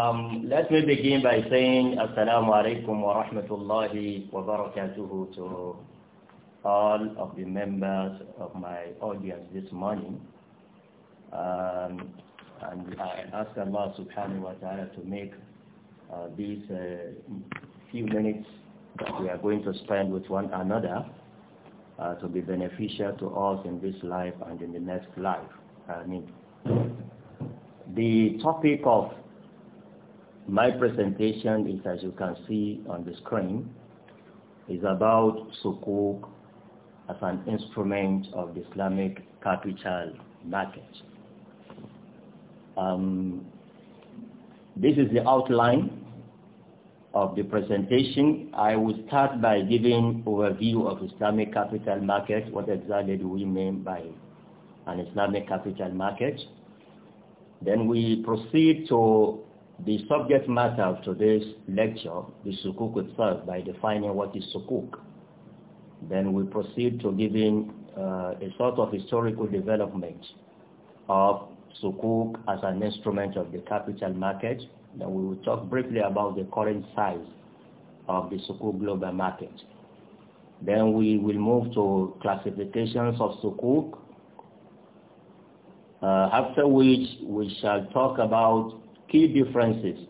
Um, let me begin by saying Assalamu alaikum wa rahmatullahi wa barakatuhu to all of the members of my audience this morning. Um, and I ask Allah subhanahu wa ta'ala to make uh, these uh, few minutes that we are going to spend with one another uh, to be beneficial to us in this life and in the next life. I mean, the topic of my presentation is, as you can see on the screen, is about sukuk as an instrument of the Islamic capital market. Um, this is the outline of the presentation. I will start by giving overview of Islamic capital market. What exactly do we mean by an Islamic capital market? Then we proceed to the subject matter of today's lecture the sukuk itself by defining what is sukuk. Then we proceed to giving uh, a sort of historical development of sukuk as an instrument of the capital market. Then we will talk briefly about the current size of the sukuk global market. Then we will move to classifications of sukuk, uh, after which we shall talk about key differences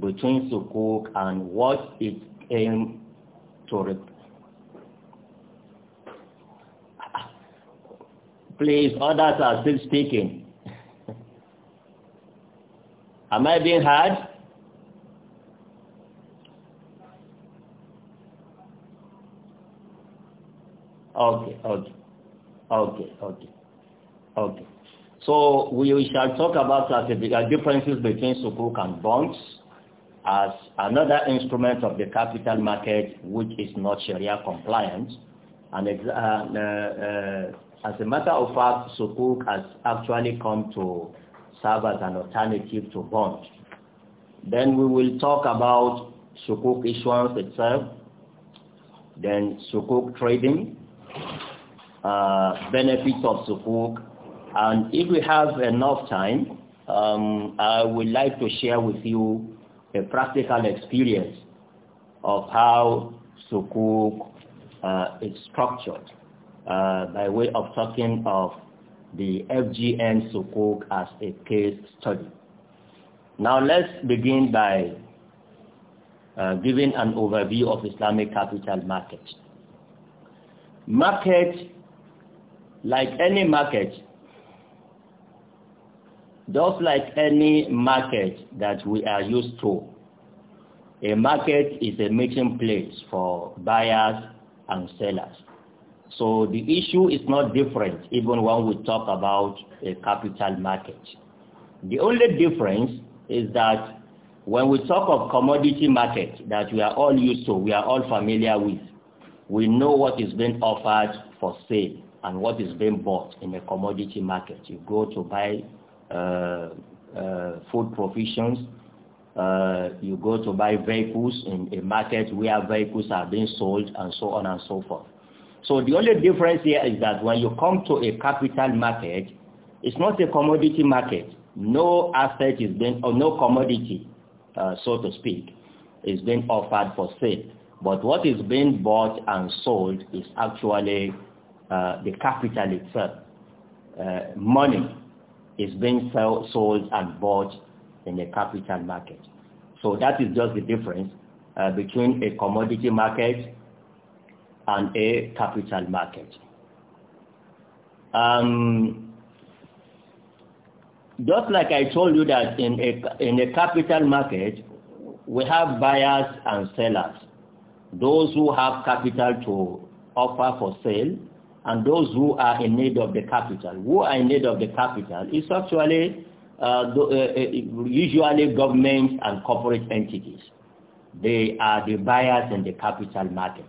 between sukuk and what it aims to replace. Please, others are still speaking. Am I being heard? Okay, okay, okay, okay, okay. So we shall talk about classification uh, differences between sukuk and bonds as another instrument of the capital market which is not Sharia compliant. And uh, uh, uh, as a matter of fact, sukuk has actually come to serve as an alternative to bonds. Then we will talk about sukuk issuance itself, then sukuk trading, uh, benefits of sukuk, and if we have enough time, um, I would like to share with you a practical experience of how sukuk uh, is structured uh, by way of talking of the FGN sukuk as a case study. Now let's begin by uh, giving an overview of Islamic capital market. Market, like any market, just like any market that we are used to, a market is a meeting place for buyers and sellers. So the issue is not different even when we talk about a capital market. The only difference is that when we talk of commodity market that we are all used to, we are all familiar with, we know what is being offered for sale and what is being bought in a commodity market. You go to buy uh, uh, food provisions. Uh, you go to buy vehicles in a market where vehicles are being sold and so on and so forth. So the only difference here is that when you come to a capital market, it's not a commodity market. No asset is being, or no commodity, uh, so to speak, is being offered for sale. But what is being bought and sold is actually uh, the capital itself, uh, money is being sold and bought in the capital market. So that is just the difference uh, between a commodity market and a capital market. Um, just like I told you that in a, in a capital market, we have buyers and sellers. Those who have capital to offer for sale and those who are in need of the capital. Who are in need of the capital is actually uh, uh, uh usually governments and corporate entities. They are the buyers in the capital market.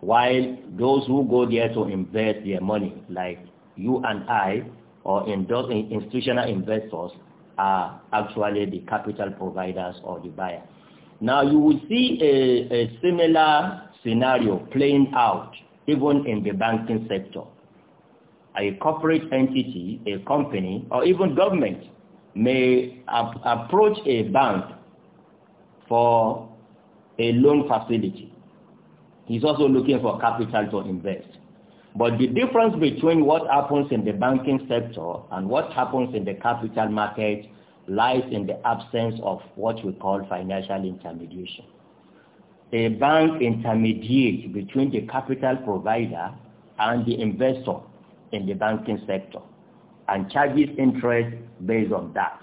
While those who go there to invest their money, like you and I, or in those institutional investors, are actually the capital providers or the buyer. Now you will see a, a similar scenario playing out even in the banking sector. A corporate entity, a company, or even government may ap approach a bank for a loan facility. He's also looking for capital to invest. But the difference between what happens in the banking sector and what happens in the capital market lies in the absence of what we call financial intermediation a bank intermediate between the capital provider and the investor in the banking sector and charges interest based on that,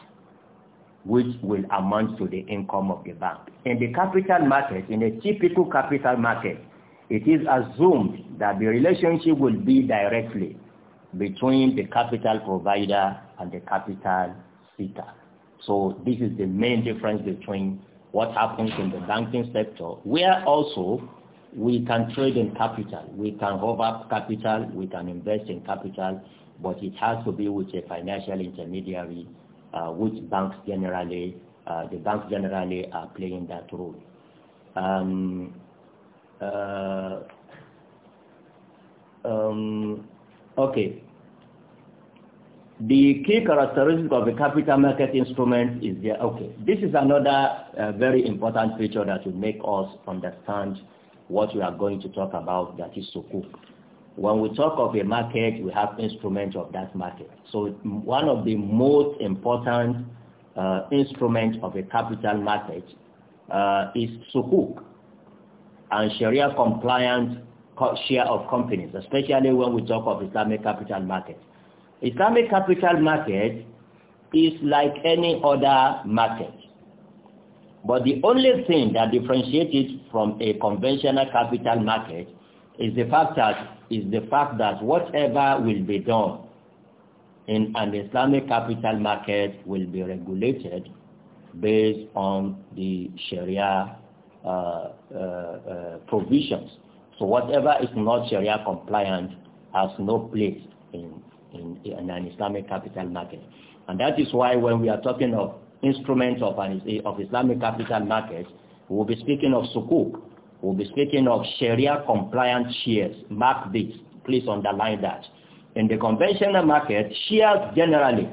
which will amount to the income of the bank. In the capital market, in a typical capital market, it is assumed that the relationship will be directly between the capital provider and the capital seeker. So this is the main difference between what happens in the banking sector, where also we can trade in capital, we can hover capital, we can invest in capital, but it has to be with a financial intermediary, uh, which banks generally, uh, the banks generally are playing that role. Um, uh, um, okay, the key characteristic of a capital market instrument is there. Okay, this is another uh, very important feature that will make us understand what we are going to talk about, that is Sukuk. When we talk of a market, we have instruments of that market. So one of the most important uh, instruments of a capital market uh, is Sukuk and Sharia compliant share of companies, especially when we talk of Islamic capital market. Islamic capital market is like any other market. But the only thing that differentiates it from a conventional capital market is the fact that is the fact that whatever will be done in an Islamic capital market will be regulated based on the Sharia uh, uh, uh, provisions. So whatever is not Sharia compliant has no place in in, in an Islamic capital market. And that is why when we are talking of instruments of, an, of Islamic capital markets, we'll be speaking of sukuk, we'll be speaking of Sharia compliant shares, mark this, please underline that. In the conventional market, shares generally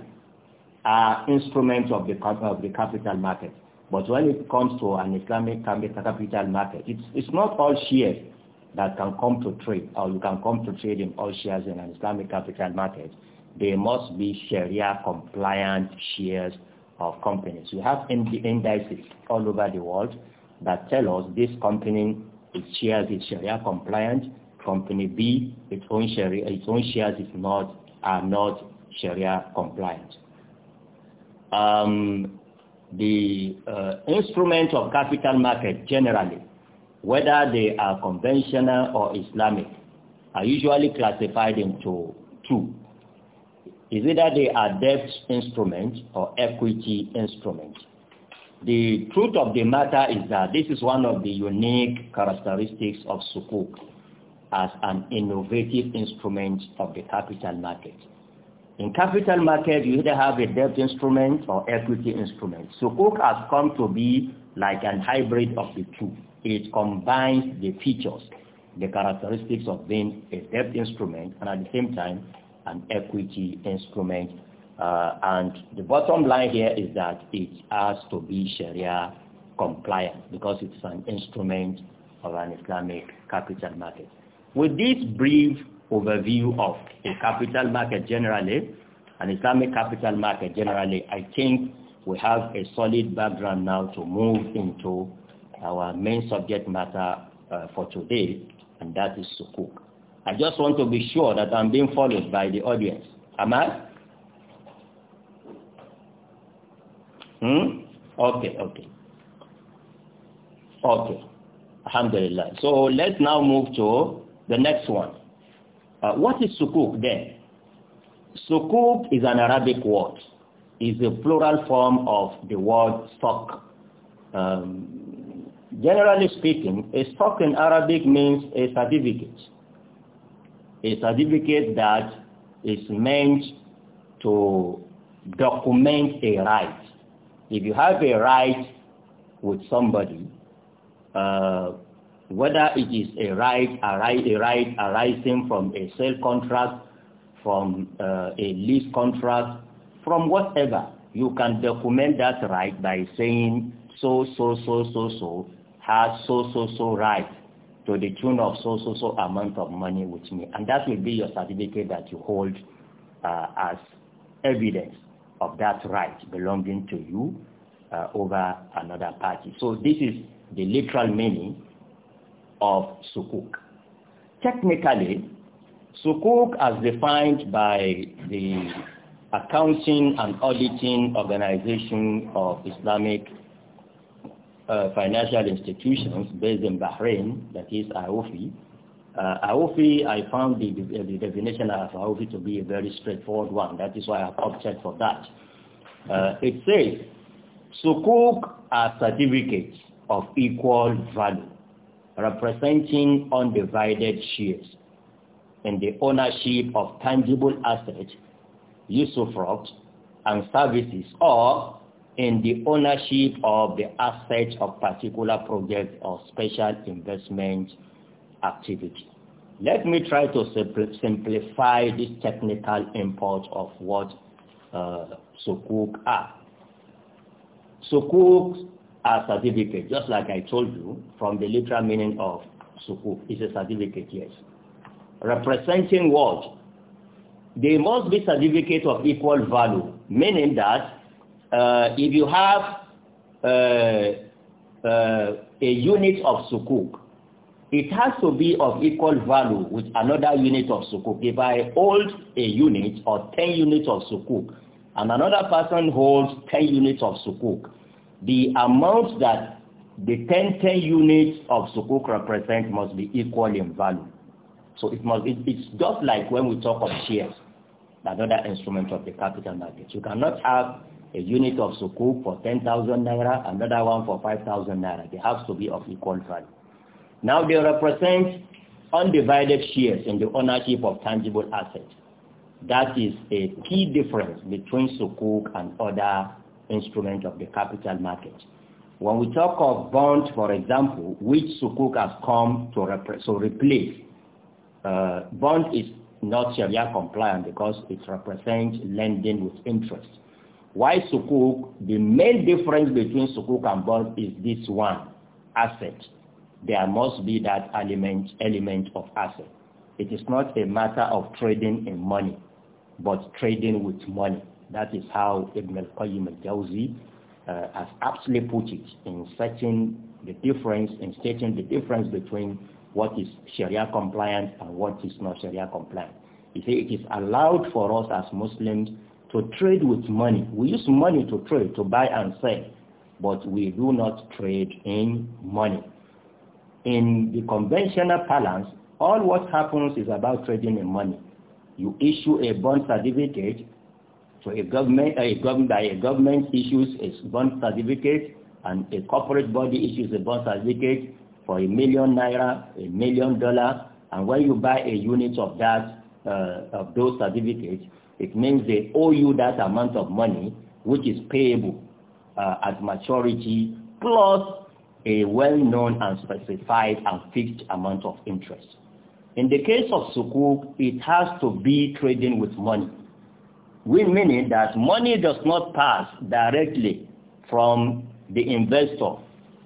are instruments of the, of the capital market. But when it comes to an Islamic capital market, it's, it's not all shares that can come to trade or you can come to trade in all shares in an Islamic capital market, they must be Sharia compliant shares of companies. We have indices all over the world that tell us this company, its shares is Sharia compliant, company B, its own, Sharia, its own shares is not, are not Sharia compliant. Um, the uh, instrument of capital market generally whether they are conventional or Islamic, are usually classified into two. Is either they are debt instruments or equity instruments. The truth of the matter is that this is one of the unique characteristics of Sukuk as an innovative instrument of the capital market. In capital market, you either have a debt instrument or equity instrument. Sukuk has come to be like an hybrid of the two. It combines the features, the characteristics of being a debt instrument and at the same time an equity instrument. Uh, and the bottom line here is that it has to be Sharia compliant because it's an instrument of an Islamic capital market. With this brief overview of the capital market generally, an Islamic capital market generally, I think we have a solid background now to move into our main subject matter uh, for today, and that is sukuk. I just want to be sure that I'm being followed by the audience. Am I? Hmm? Okay, okay. Okay. Alhamdulillah. So let's now move to the next one. Uh, what is sukuk then? Sukuk is an Arabic word. It's a plural form of the word stock. Um, Generally speaking, a stock in Arabic means a certificate. A certificate that is meant to document a right. If you have a right with somebody, uh, whether it is a right, a right, a right arising from a sale contract, from uh, a lease contract, from whatever, you can document that right by saying so, so, so, so, so, has so, so, so right to the tune of so, so, so amount of money with me. And that will be your certificate that you hold uh, as evidence of that right belonging to you uh, over another party. So this is the literal meaning of sukuk. Technically, sukuk as defined by the Accounting and Auditing Organization of Islamic uh, financial institutions based in Bahrain, that is AOFI. Uh, AOFI, I found the, the definition of AOFI to be a very straightforward one. That is why I opted for that. Uh, it says, Sukuk are certificates of equal value, representing undivided shares in the ownership of tangible assets, usufruct, and services, or in the ownership of the assets of particular projects or special investment activity. Let me try to simplify this technical import of what uh, Sukuk are. Sukuk are certificates, just like I told you, from the literal meaning of Sukuk. is a certificate, yes. Representing what? They must be certificates of equal value, meaning that uh, if you have uh, uh, a unit of sukuk, it has to be of equal value with another unit of sukuk. If I hold a unit or 10 units of sukuk, and another person holds 10 units of sukuk, the amount that the 10, 10 units of sukuk represent must be equal in value. So it must, it, it's just like when we talk of shares, another instrument of the capital market. You cannot have a unit of sukuk for 10,000 naira, another one for 5,000 naira. They have to be of equal value. Now they represent undivided shares in the ownership of tangible assets. That is a key difference between sukuk and other instruments of the capital market. When we talk of bonds, for example, which sukuk has come to, so replace, uh, bond is not Sharia compliant because it represents lending with interest. Why sukuk? The main difference between sukuk and bond is this one, asset. There must be that element, element of asset. It is not a matter of trading in money, but trading with money. That is how Ibn al-Qayyim al-Jawzi uh, has aptly put it in setting the difference, in stating the difference between what is Sharia compliant and what is not Sharia compliant. He say it is allowed for us as Muslims to trade with money. We use money to trade, to buy and sell, but we do not trade in money. In the conventional balance, all what happens is about trading in money. You issue a bond certificate to a government, a government, a government issues a bond certificate, and a corporate body issues a bond certificate for a million naira, a million dollar, and when you buy a unit of that, uh, of those certificates, it means they owe you that amount of money, which is payable uh, at maturity, plus a well-known and specified and fixed amount of interest. In the case of sukuk, it has to be trading with money. We mean that money does not pass directly from the investor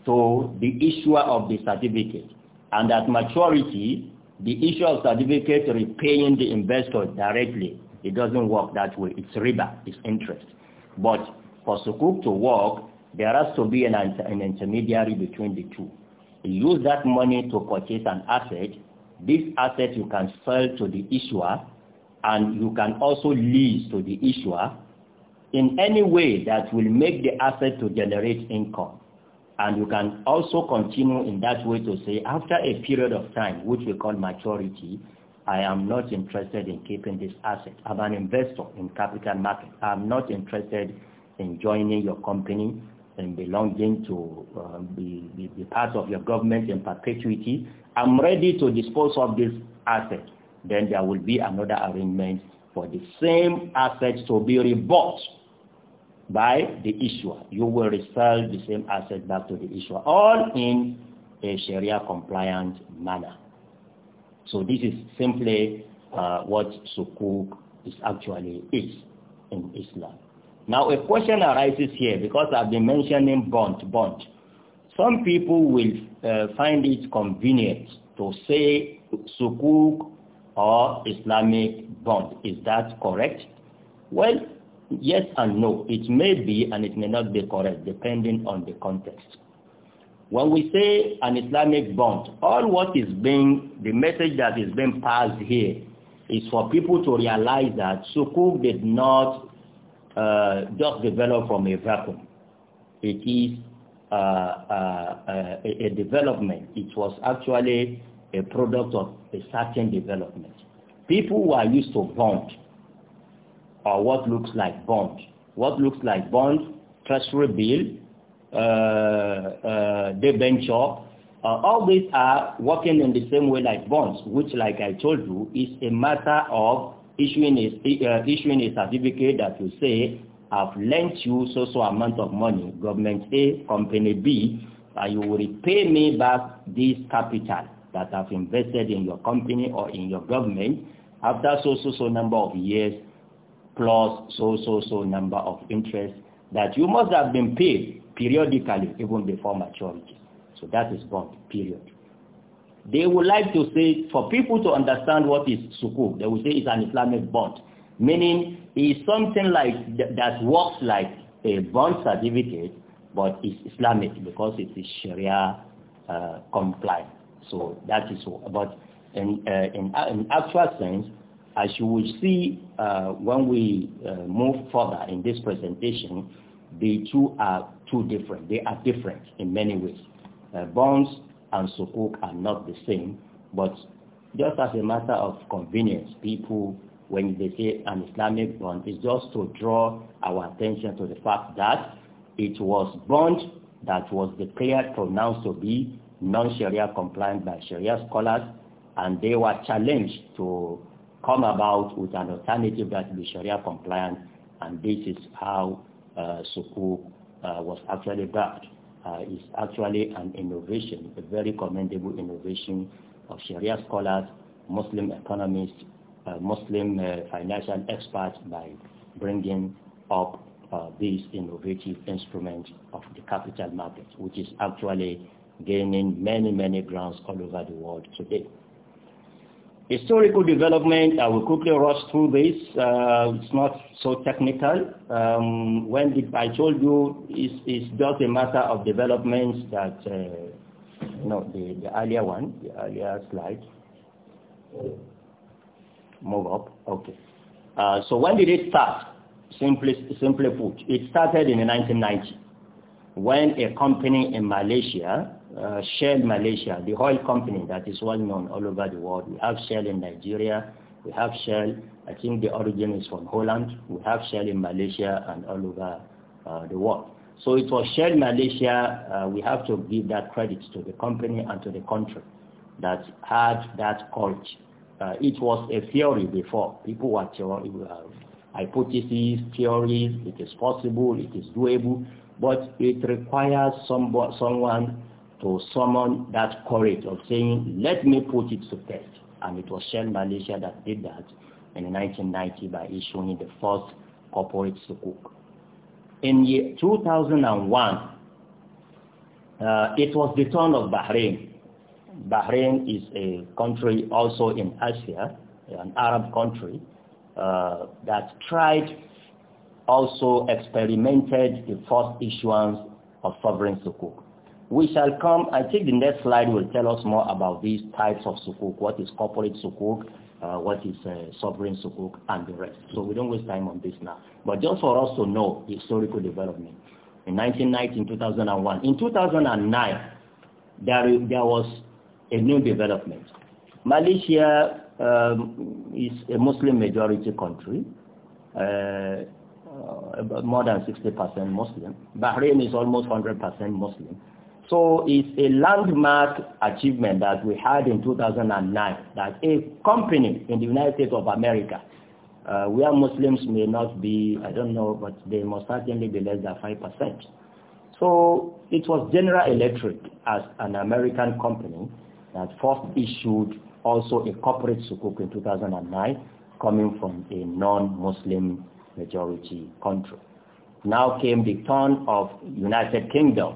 to the issuer of the certificate. And at maturity, the issuer of certificate repaying the investor directly it doesn't work that way. It's riba, it's interest. But for sukuk to work, there has to be an, an intermediary between the two. You use that money to purchase an asset. This asset you can sell to the issuer and you can also lease to the issuer in any way that will make the asset to generate income. And you can also continue in that way to say after a period of time, which we call maturity, I am not interested in keeping this asset. I'm an investor in capital market. I'm not interested in joining your company and belonging to uh, um, be, be, be part of your government in perpetuity. I'm ready to dispose of this asset. Then there will be another arrangement for the same asset to be rebought by the issuer. You will resell the same asset back to the issuer, all in a Sharia compliant manner. So this is simply uh, what sukuk is actually is in Islam. Now a question arises here because I've been mentioning bond, bond. Some people will uh, find it convenient to say sukuk or Islamic bond. Is that correct? Well, yes and no. It may be and it may not be correct depending on the context. When we say an Islamic bond, all what is being, the message that is being passed here is for people to realize that Sukuk did not uh, just develop from a vacuum. It is uh, uh, a, a development. It was actually a product of a certain development. People who are used to bond, or what looks like bond, what looks like bond, treasury bill, Debenture, uh, uh, venture. Uh, all these are working in the same way like bonds, which, like I told you, is a matter of issuing a, issuing a certificate that you say, "I've lent you so so amount of money, government A, company B, and you will repay me back this capital that I've invested in your company or in your government after so so so number of years plus so so so number of interest that you must have been paid periodically, even before maturity. So that is bond. period. They would like to say, for people to understand what is sukuk, they would say it's an Islamic bond, meaning it's something like th that works like a bond certificate, but it's Islamic because it is Sharia uh, compliant. So that is what. But in, uh, in, in actual sense, as you will see uh, when we uh, move further in this presentation, the two are Two different. They are different in many ways. Uh, bonds and sukuk are not the same, but just as a matter of convenience, people, when they say an Islamic bond, is just to draw our attention to the fact that it was bond that was declared, pronounced to be non-Sharia compliant by Sharia scholars, and they were challenged to come about with an alternative that be Sharia compliant, and this is how uh, sukuk uh, was actually backed uh, is actually an innovation, a very commendable innovation of Sharia scholars, Muslim economists, uh, Muslim financial experts by bringing up uh, this innovative instrument of the capital market, which is actually gaining many, many grounds all over the world today. Historical development, I will quickly rush through this. Uh, it's not so technical. Um, when the, I told you it's, it's, just a matter of developments that, uh, you know, the, the earlier one, the earlier slide. Move up, okay. Uh, so when did it start? Simply, simply put, it started in the 1990s when a company in Malaysia uh, Shell Malaysia, the oil company that is well known all over the world. We have Shell in Nigeria. We have Shell. I think the origin is from Holland. We have Shell in Malaysia and all over uh, the world. So it was Shell Malaysia. Uh, we have to give that credit to the company and to the country that had that courage. Uh, it was a theory before. People were theory, uh, hypotheses, theories. It is possible. It is doable. But it requires some, someone to summon that courage of saying, let me put it to test. And it was Shell Malaysia that did that in 1990 by issuing the first corporate sukuk. In year 2001, uh, it was the turn of Bahrain. Bahrain is a country also in Asia, an Arab country, uh, that tried also experimented the first issuance of sovereign sukuk. We shall come, I think the next slide will tell us more about these types of sukuk, what is corporate sukuk, uh, what is uh, sovereign sukuk, and the rest. So we don't waste time on this now. But just for us to know historical development. In 1990, 2001. In 2009, there, there was a new development. Malaysia um, is a Muslim majority country, uh, uh more than 60% Muslim. Bahrain is almost 100% Muslim. So it's a landmark achievement that we had in 2009 that a company in the United States of America, uh, where Muslims may not be, I don't know, but they must certainly be less than 5%. So it was General Electric as an American company that first issued also a corporate sukuk in 2009 coming from a non-Muslim majority country. Now came the turn of United Kingdom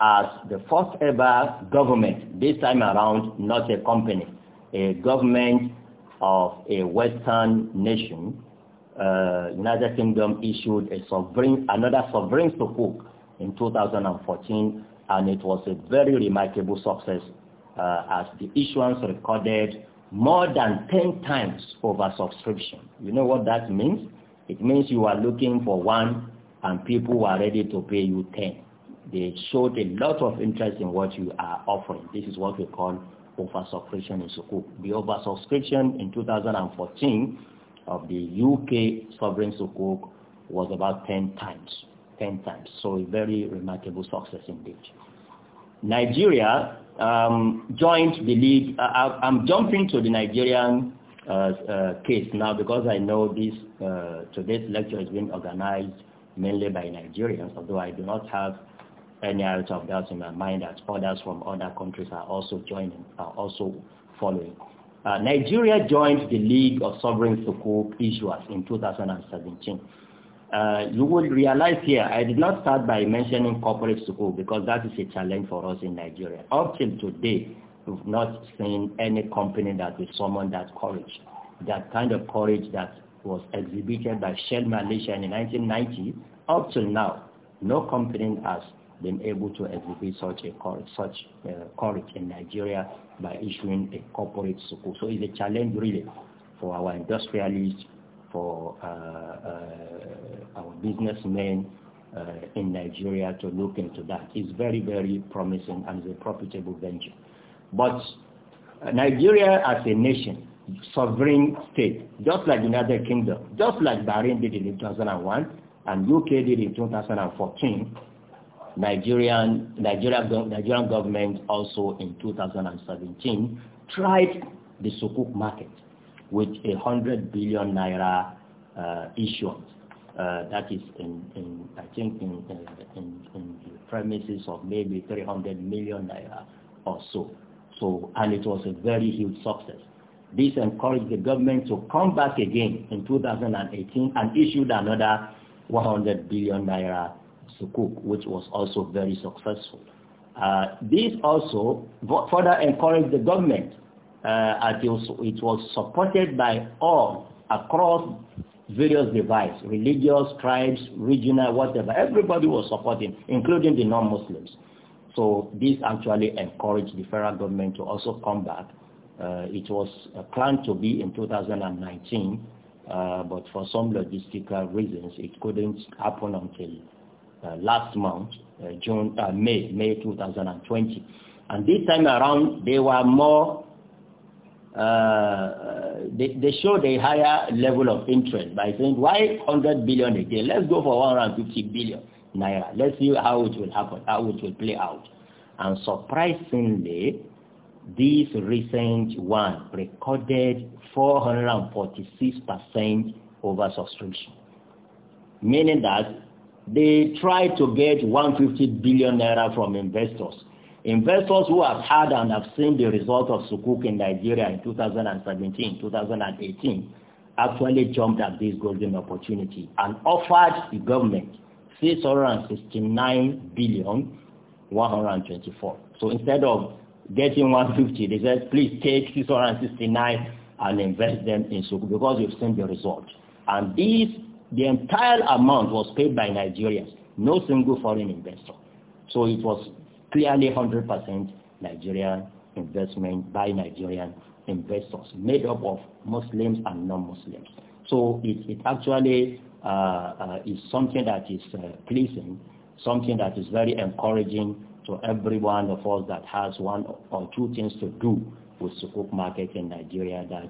as the first ever government, this time around, not a company, a government of a Western nation, uh, United Kingdom issued a sovereign, another sovereign sukuk in 2014, and it was a very remarkable success uh, as the issuance recorded more than 10 times oversubscription. You know what that means? It means you are looking for one and people are ready to pay you 10 they showed a lot of interest in what you are offering. This is what we call oversubscription in Sukuk. The oversubscription in 2014 of the UK sovereign Sukuk was about 10 times. 10 times. So a very remarkable success indeed. Nigeria um, joined the league. Uh, I, am jumping to the Nigerian uh, uh, case now because I know this uh, today's lecture is being organized mainly by Nigerians, although I do not have any out of doubt in my mind that others from other countries are also joining, are also following. Uh, Nigeria joined the League of Sovereign Sukuk Issuers in 2017. Uh, you will realize here, I did not start by mentioning corporate sukuk because that is a challenge for us in Nigeria. Up till today, we've not seen any company that will summon that courage, that kind of courage that was exhibited by Shell Malaysia in 1990. Up till now, no company has been able to exhibit such a such uh, courage in Nigeria by issuing a corporate sukuk. So it's a challenge really for our industrialists, for uh, uh, our businessmen uh, in Nigeria to look into that. It's very, very promising and it's a profitable venture. But uh, Nigeria as a nation, sovereign state, just like United Kingdom, just like Bahrain did in 2001 and UK did in 2014, Nigerian Nigerian, Nigerian government also in 2017 tried the Sukuk market with a 100 billion naira uh, issuance. Uh, that is in, in I think in, uh, in, in, the premises of maybe 300 million naira or so. So and it was a very huge success. This encouraged the government to come back again in 2018 and issued another 100 billion naira sukuk, which was also very successful. Uh, this also further encouraged the government uh, it, was, it was supported by all across various divides, religious, tribes, regional, whatever. Everybody was supporting, including the non-Muslims. So this actually encouraged the federal government to also come back. Uh, it was uh, planned to be in 2019, uh, but for some logistical reasons, it couldn't happen until uh, last month, uh, June, uh, May, May 2020. And this time around, they were more, they, they showed a higher level of interest by saying, why 100 billion again? Let's go for 150 billion naira. Let's see how it will happen, how it will play out. And surprisingly, this recent one recorded 446% over subscription, meaning that they try to get 150 billion naira from investors. Investors who have had and have seen the result of Sukuk in Nigeria in 2017, 2018, actually jumped at this golden opportunity and offered the government 669 billion 124. So instead of getting 150, they said, please take 669 and invest them in Sukuk because you've seen the result. And these The entire amount was paid by Nigerians, no single foreign investor. So it was clearly 100% Nigerian investment by Nigerian investors, made up of Muslims and non-Muslims. So it, it actually uh, uh, is something that is uh, pleasing, something that is very encouraging to every one of us that has one or two things to do with Sukuk market in Nigeria that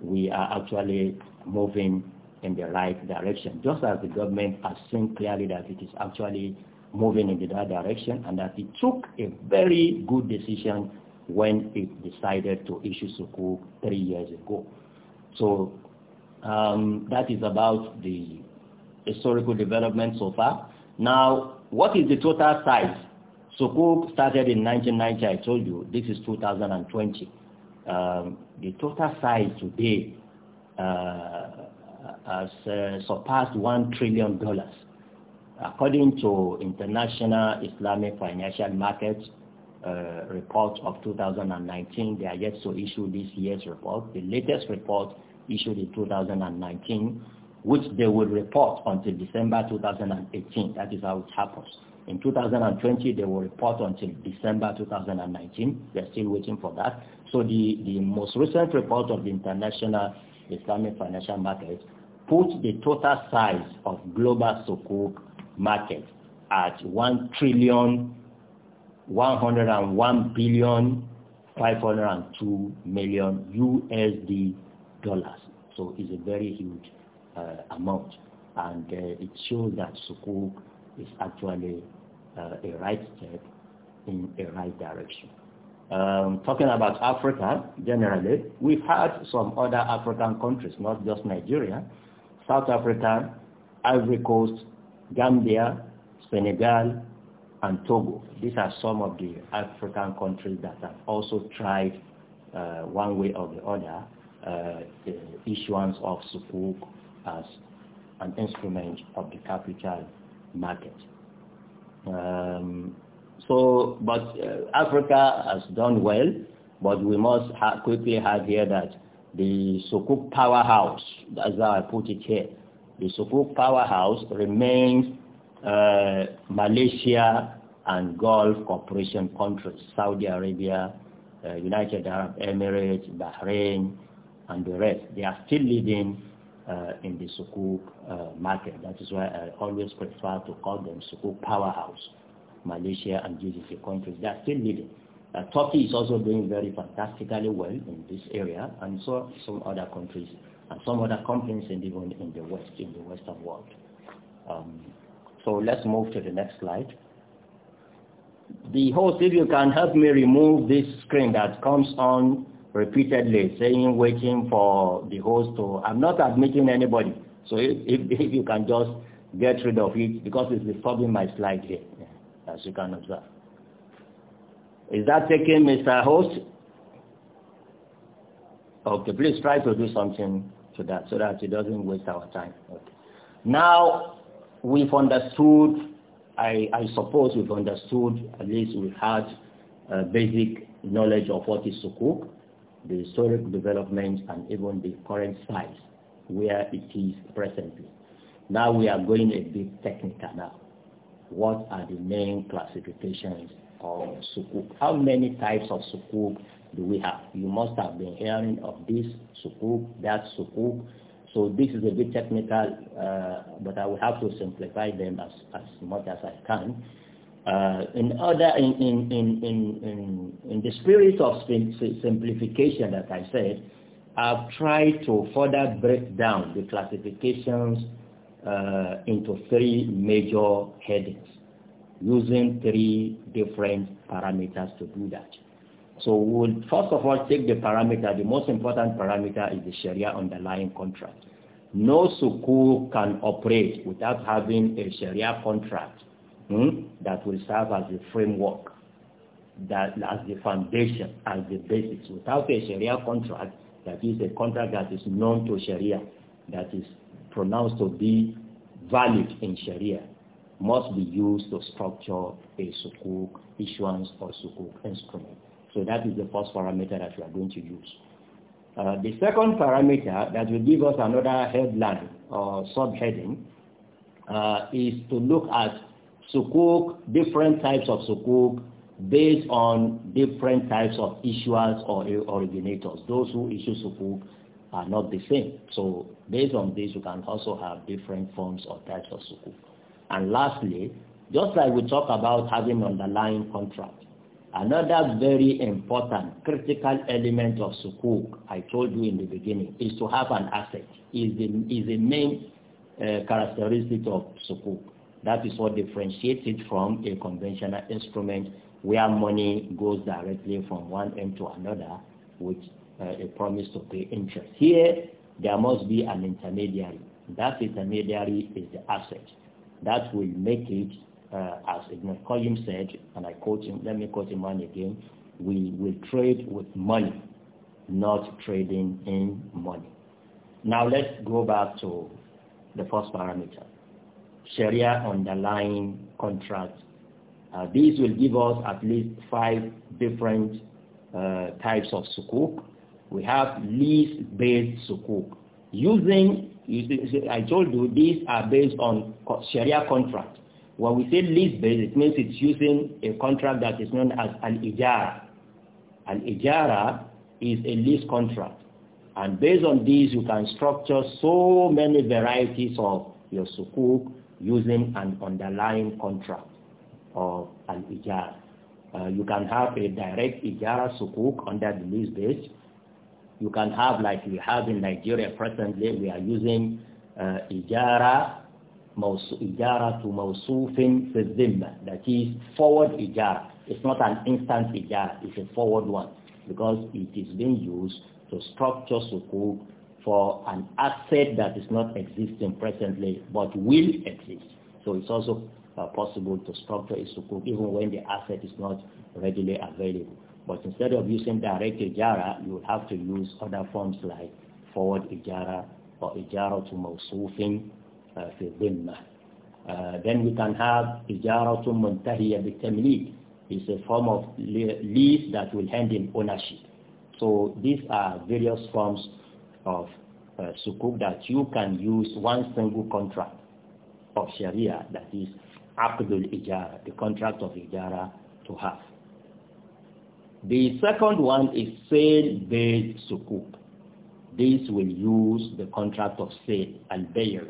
we are actually moving in the right direction, just as the government has seen clearly that it is actually moving in the right direction and that it took a very good decision when it decided to issue Sukuk three years ago. So um, that is about the historical development so far. Now, what is the total size? Sukuk started in 1990, I told you. This is 2020. Um, the total size today uh, has uh, surpassed $1 trillion, according to International Islamic Financial Market uh, report of 2019. They are yet to issue this year's report. The latest report issued in 2019, which they will report until December 2018. That is how it happens. In 2020, they will report until December 2019. They are still waiting for that. So the, the most recent report of the International Islamic Financial Market put the total size of global Sukuk market at 1 trillion 101 billion 502 million USD dollars. So it's a very huge uh, amount, and uh, it shows that Sukuk is actually uh, a right step in a right direction. Um, talking about Africa generally, we've had some other African countries, not just Nigeria, South Africa, Ivory Coast, Gambia, Senegal, and Togo. These are some of the African countries that have also tried uh, one way or the other uh, the issuance of sukuk as an instrument of the capital market. Um, so, but uh, Africa has done well, but we must ha quickly add here that the Sukuk powerhouse, as I put it here, the Sukuk powerhouse remains uh, Malaysia and Gulf Cooperation countries, Saudi Arabia, uh, United Arab Emirates, Bahrain, and the rest. They are still leading uh, in the Sukuk uh, market. That is why I always prefer to call them Sukuk powerhouse, Malaysia and GCC countries. They are still leading. Uh, Turkey is also doing very fantastically well in this area, and so some other countries and some other companies in the, in the West, in the Western world. Um, so let's move to the next slide. The host, if you can help me remove this screen that comes on repeatedly saying waiting for the host to, I'm not admitting anybody. So if, if, if you can just get rid of it because it's disturbing my slide here, as you can observe. Is that taking Mr. Host? Okay, please try to do something to that so that it doesn't waste our time. Okay. Now, we've understood, I, I suppose we've understood, at least we had basic knowledge of what is sukuk, the historic development and even the current size, where it is presently. Now we are going a bit technical now. What are the main classifications of sukuk. How many types of sukuk do we have? You must have been hearing of this sukuk, that sukuk. So this is a bit technical, uh, but I will have to simplify them as, as much as I can. Uh, in other, in, in, in, in, in, in the spirit of simplification that I said, I've tried to further break down the classifications uh, into three major headings using three different parameters to do that. So we'll first of all take the parameter, the most important parameter is the Sharia underlying contract. No sukuk can operate without having a Sharia contract hmm, that will serve as the framework, that as the foundation, as the basis. Without a Sharia contract, that is a contract that is known to Sharia, that is pronounced to be valid in Sharia, must be used to structure a sukuk issuance or sukuk instrument. So that is the first parameter that we are going to use. Uh, the second parameter that will give us another headline or subheading uh, is to look at sukuk, different types of sukuk based on different types of issuers or originators. Those who issue sukuk are not the same. So based on this, you can also have different forms or types of sukuk. And lastly, just like we talk about having underlying contract, another very important critical element of sukuk, I told you in the beginning, is to have an asset, is the, is the main uh, characteristic of sukuk. That is what differentiates it from a conventional instrument where money goes directly from one end to another with uh, a promise to pay interest. Here, there must be an intermediary. That intermediary is the asset. That will make it, uh, as Ibn said, and I quote him, let me quote him one again, we will trade with money, not trading in money. Now let's go back to the first parameter, Sharia underlying contracts. Uh, these will give us at least five different uh, types of sukuk. We have lease-based sukuk, using you see, I told you these are based on Sharia contract. When we say lease-based, it means it's using a contract that is known as an ijara Al-ijara is a lease contract. And based on these, you can structure so many varieties of your sukuk using an underlying contract of an ijara. Uh, you can have a direct ijara sukuk under the lease base. You can have like we have in Nigeria presently, we are using uh, ijara, ijara to mawsufin fi that is forward ijara. It's not an instant ijara, it's a forward one because it is being used to structure sukuk for an asset that is not existing presently but will exist. So it's also uh, possible to structure a sukuk even when the asset is not readily available. But instead of using direct ijara, you would have to use other forms like forward ijara or ijara to mawsufin uh, fi dhimma. Uh, then we can have ijara to muntahiya bitamlik. It's a form of lease that will hand in ownership. So these are various forms of uh, sukuk that you can use one single contract of Sharia, that is Aqdul Ijara, the contract of Ijara to have. The second one is sale-based sukuk. This will use the contract of sale and buyer.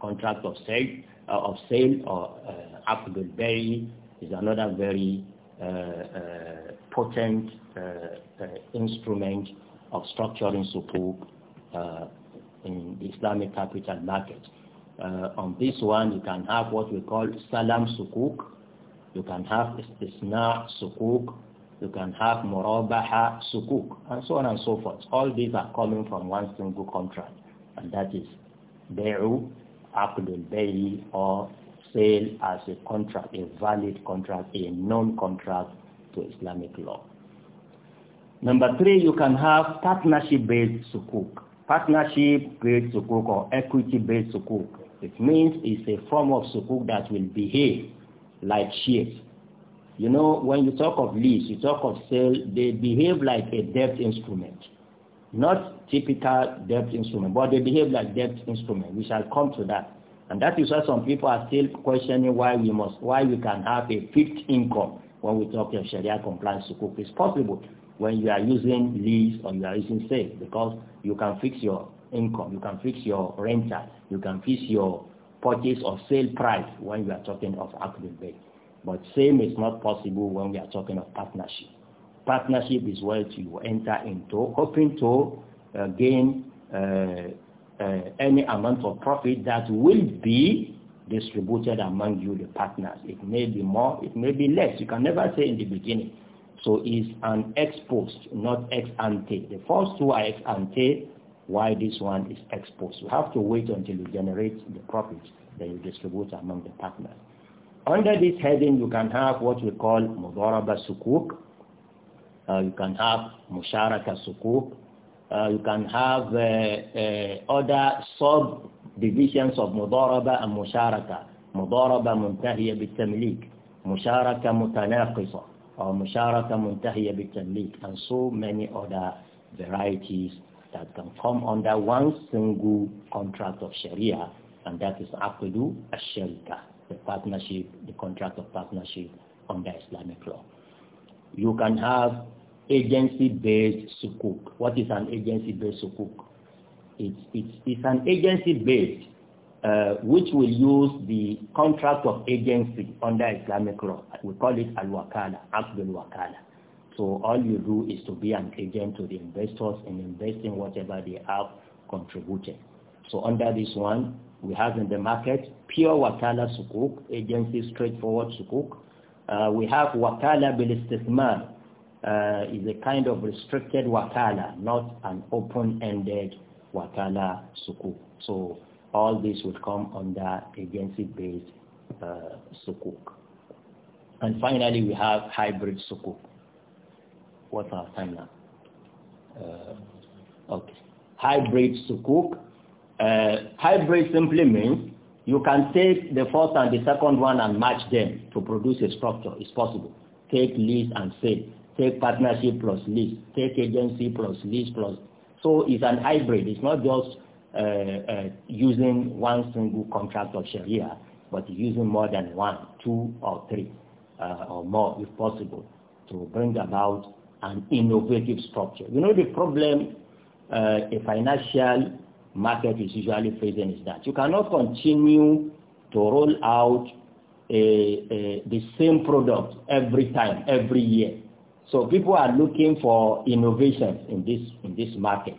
Contract of sale, uh, of sale or uh, Bay is another very uh, uh, potent uh, uh, instrument of structuring sukuk uh, in the Islamic capital market. on this one, you can have what we call salam sukuk. You can have istisna sukuk you can have murabaha, sukuk, and so on and so forth. All these are coming from one single contract, and that is Be'u, Aqdul Be'i, or sale as a contract, a valid contract, a non contract to Islamic law. Number three, you can have partnership-based sukuk. Partnership-based sukuk or equity-based sukuk. It means it's a form of sukuk that will behave like shares you know, when you talk of lease, you talk of sale, they behave like a debt instrument. Not typical debt instrument, but they behave like debt instrument. We shall come to that. And that is why some people are still questioning why we must, why we can have a fixed income when we talk of Sharia compliance sukuk. It's possible when you are using lease or you are using sale because you can fix your income, you can fix your rental, you can fix your purchase or sale price when you are talking of active Bay. But same is not possible when we are talking of partnership. Partnership is where you enter into, hoping to uh, gain uh, uh, any amount of profit that will be distributed among you, the partners. It may be more, it may be less. You can never say in the beginning. So it's an ex post, not ex ante. The first two are ex ante, why this one is ex post. You have to wait until you generate the profit, then you distribute among the partners. Under this heading, you can have what we call Mudaraba Sukuk. Uh, you can have Musharaka Sukuk. Uh, you can have uh, uh other sub-divisions of Mudaraba and Musharaka. Mudaraba Muntahiya Bittamlik. Musharaka Mutanaqisa. Or Musharaka Muntahiya Bittamlik. And so many other varieties that can come under one single contract of Sharia. And that is Aqdu Ash-Sharika the partnership, the contract of partnership under Islamic law. You can have agency-based sukuk. What is an agency-based sukuk? It's, it's, it's an agency-based uh, which will use the contract of agency under Islamic law. We call it al-wakala, Abdul Wakala. So all you do is to be an agent to the investors and invest in whatever they have contributed. So under this one, we have in the market pure wakala sukuk, agency straightforward sukuk. Uh, we have wakala bil istithmar, uh, is a kind of restricted wakala, not an open-ended wakala sukuk. So all this would come under agency-based uh, sukuk. And finally, we have hybrid sukuk. What our time now? Uh, okay. Hybrid sukuk. Uh, hybrid simply means you can take the first and the second one and match them to produce a structure. It's possible. Take lease and sale. Take partnership plus lease. Take agency plus lease plus. So it's an hybrid. It's not just uh, uh, using one single contract of Sharia, but using more than one, two or three uh, or more if possible to bring about an innovative structure. You know the problem uh, a financial market is usually facing is that you cannot continue to roll out a, a, the same product every time, every year. So people are looking for innovations in this in this market,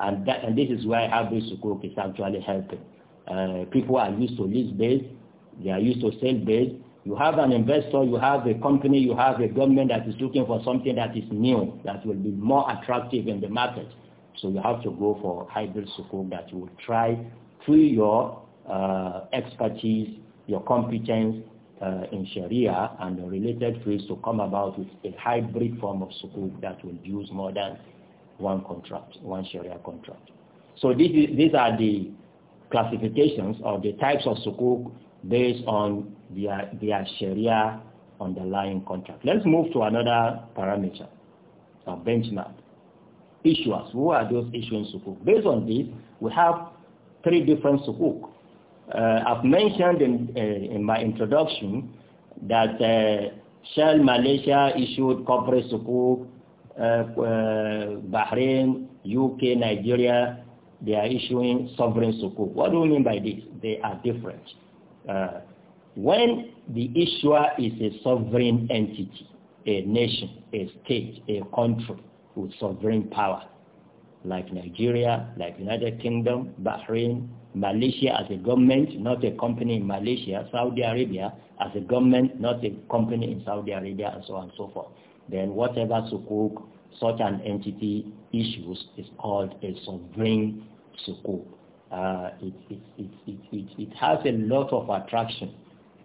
and that, and this is where hybrid Group is actually helping. Uh, people are used to lease based, they are used to sale based. You have an investor, you have a company, you have a government that is looking for something that is new, that will be more attractive in the market. So you have to go for hybrid school that will try through your uh, expertise, your competence uh, in Sharia and the related fields to come about with a hybrid form of school that will use more than one contract, one Sharia contract. So this is, these are the classifications of the types of sukuk based on their, their Sharia underlying contract. Let's move to another parameter, a benchmark issuers. Who are those issuing sukuk? Based on this, we have three different sukuk. Uh, I've mentioned in, uh, in my introduction that uh, Shell Malaysia issued corporate sukuk, uh, uh, Bahrain, UK, Nigeria, they are issuing sovereign sukuk. What do we mean by this? They are different. Uh, when the issuer is a sovereign entity, a nation, a state, a country, with sovereign power, like Nigeria, like United Kingdom, Bahrain, Malaysia as a government, not a company in Malaysia, Saudi Arabia as a government, not a company in Saudi Arabia, and so on and so forth. Then whatever sukuk such an entity issues is called a sovereign sukuk. Uh, it, it, it, it, it, it has a lot of attraction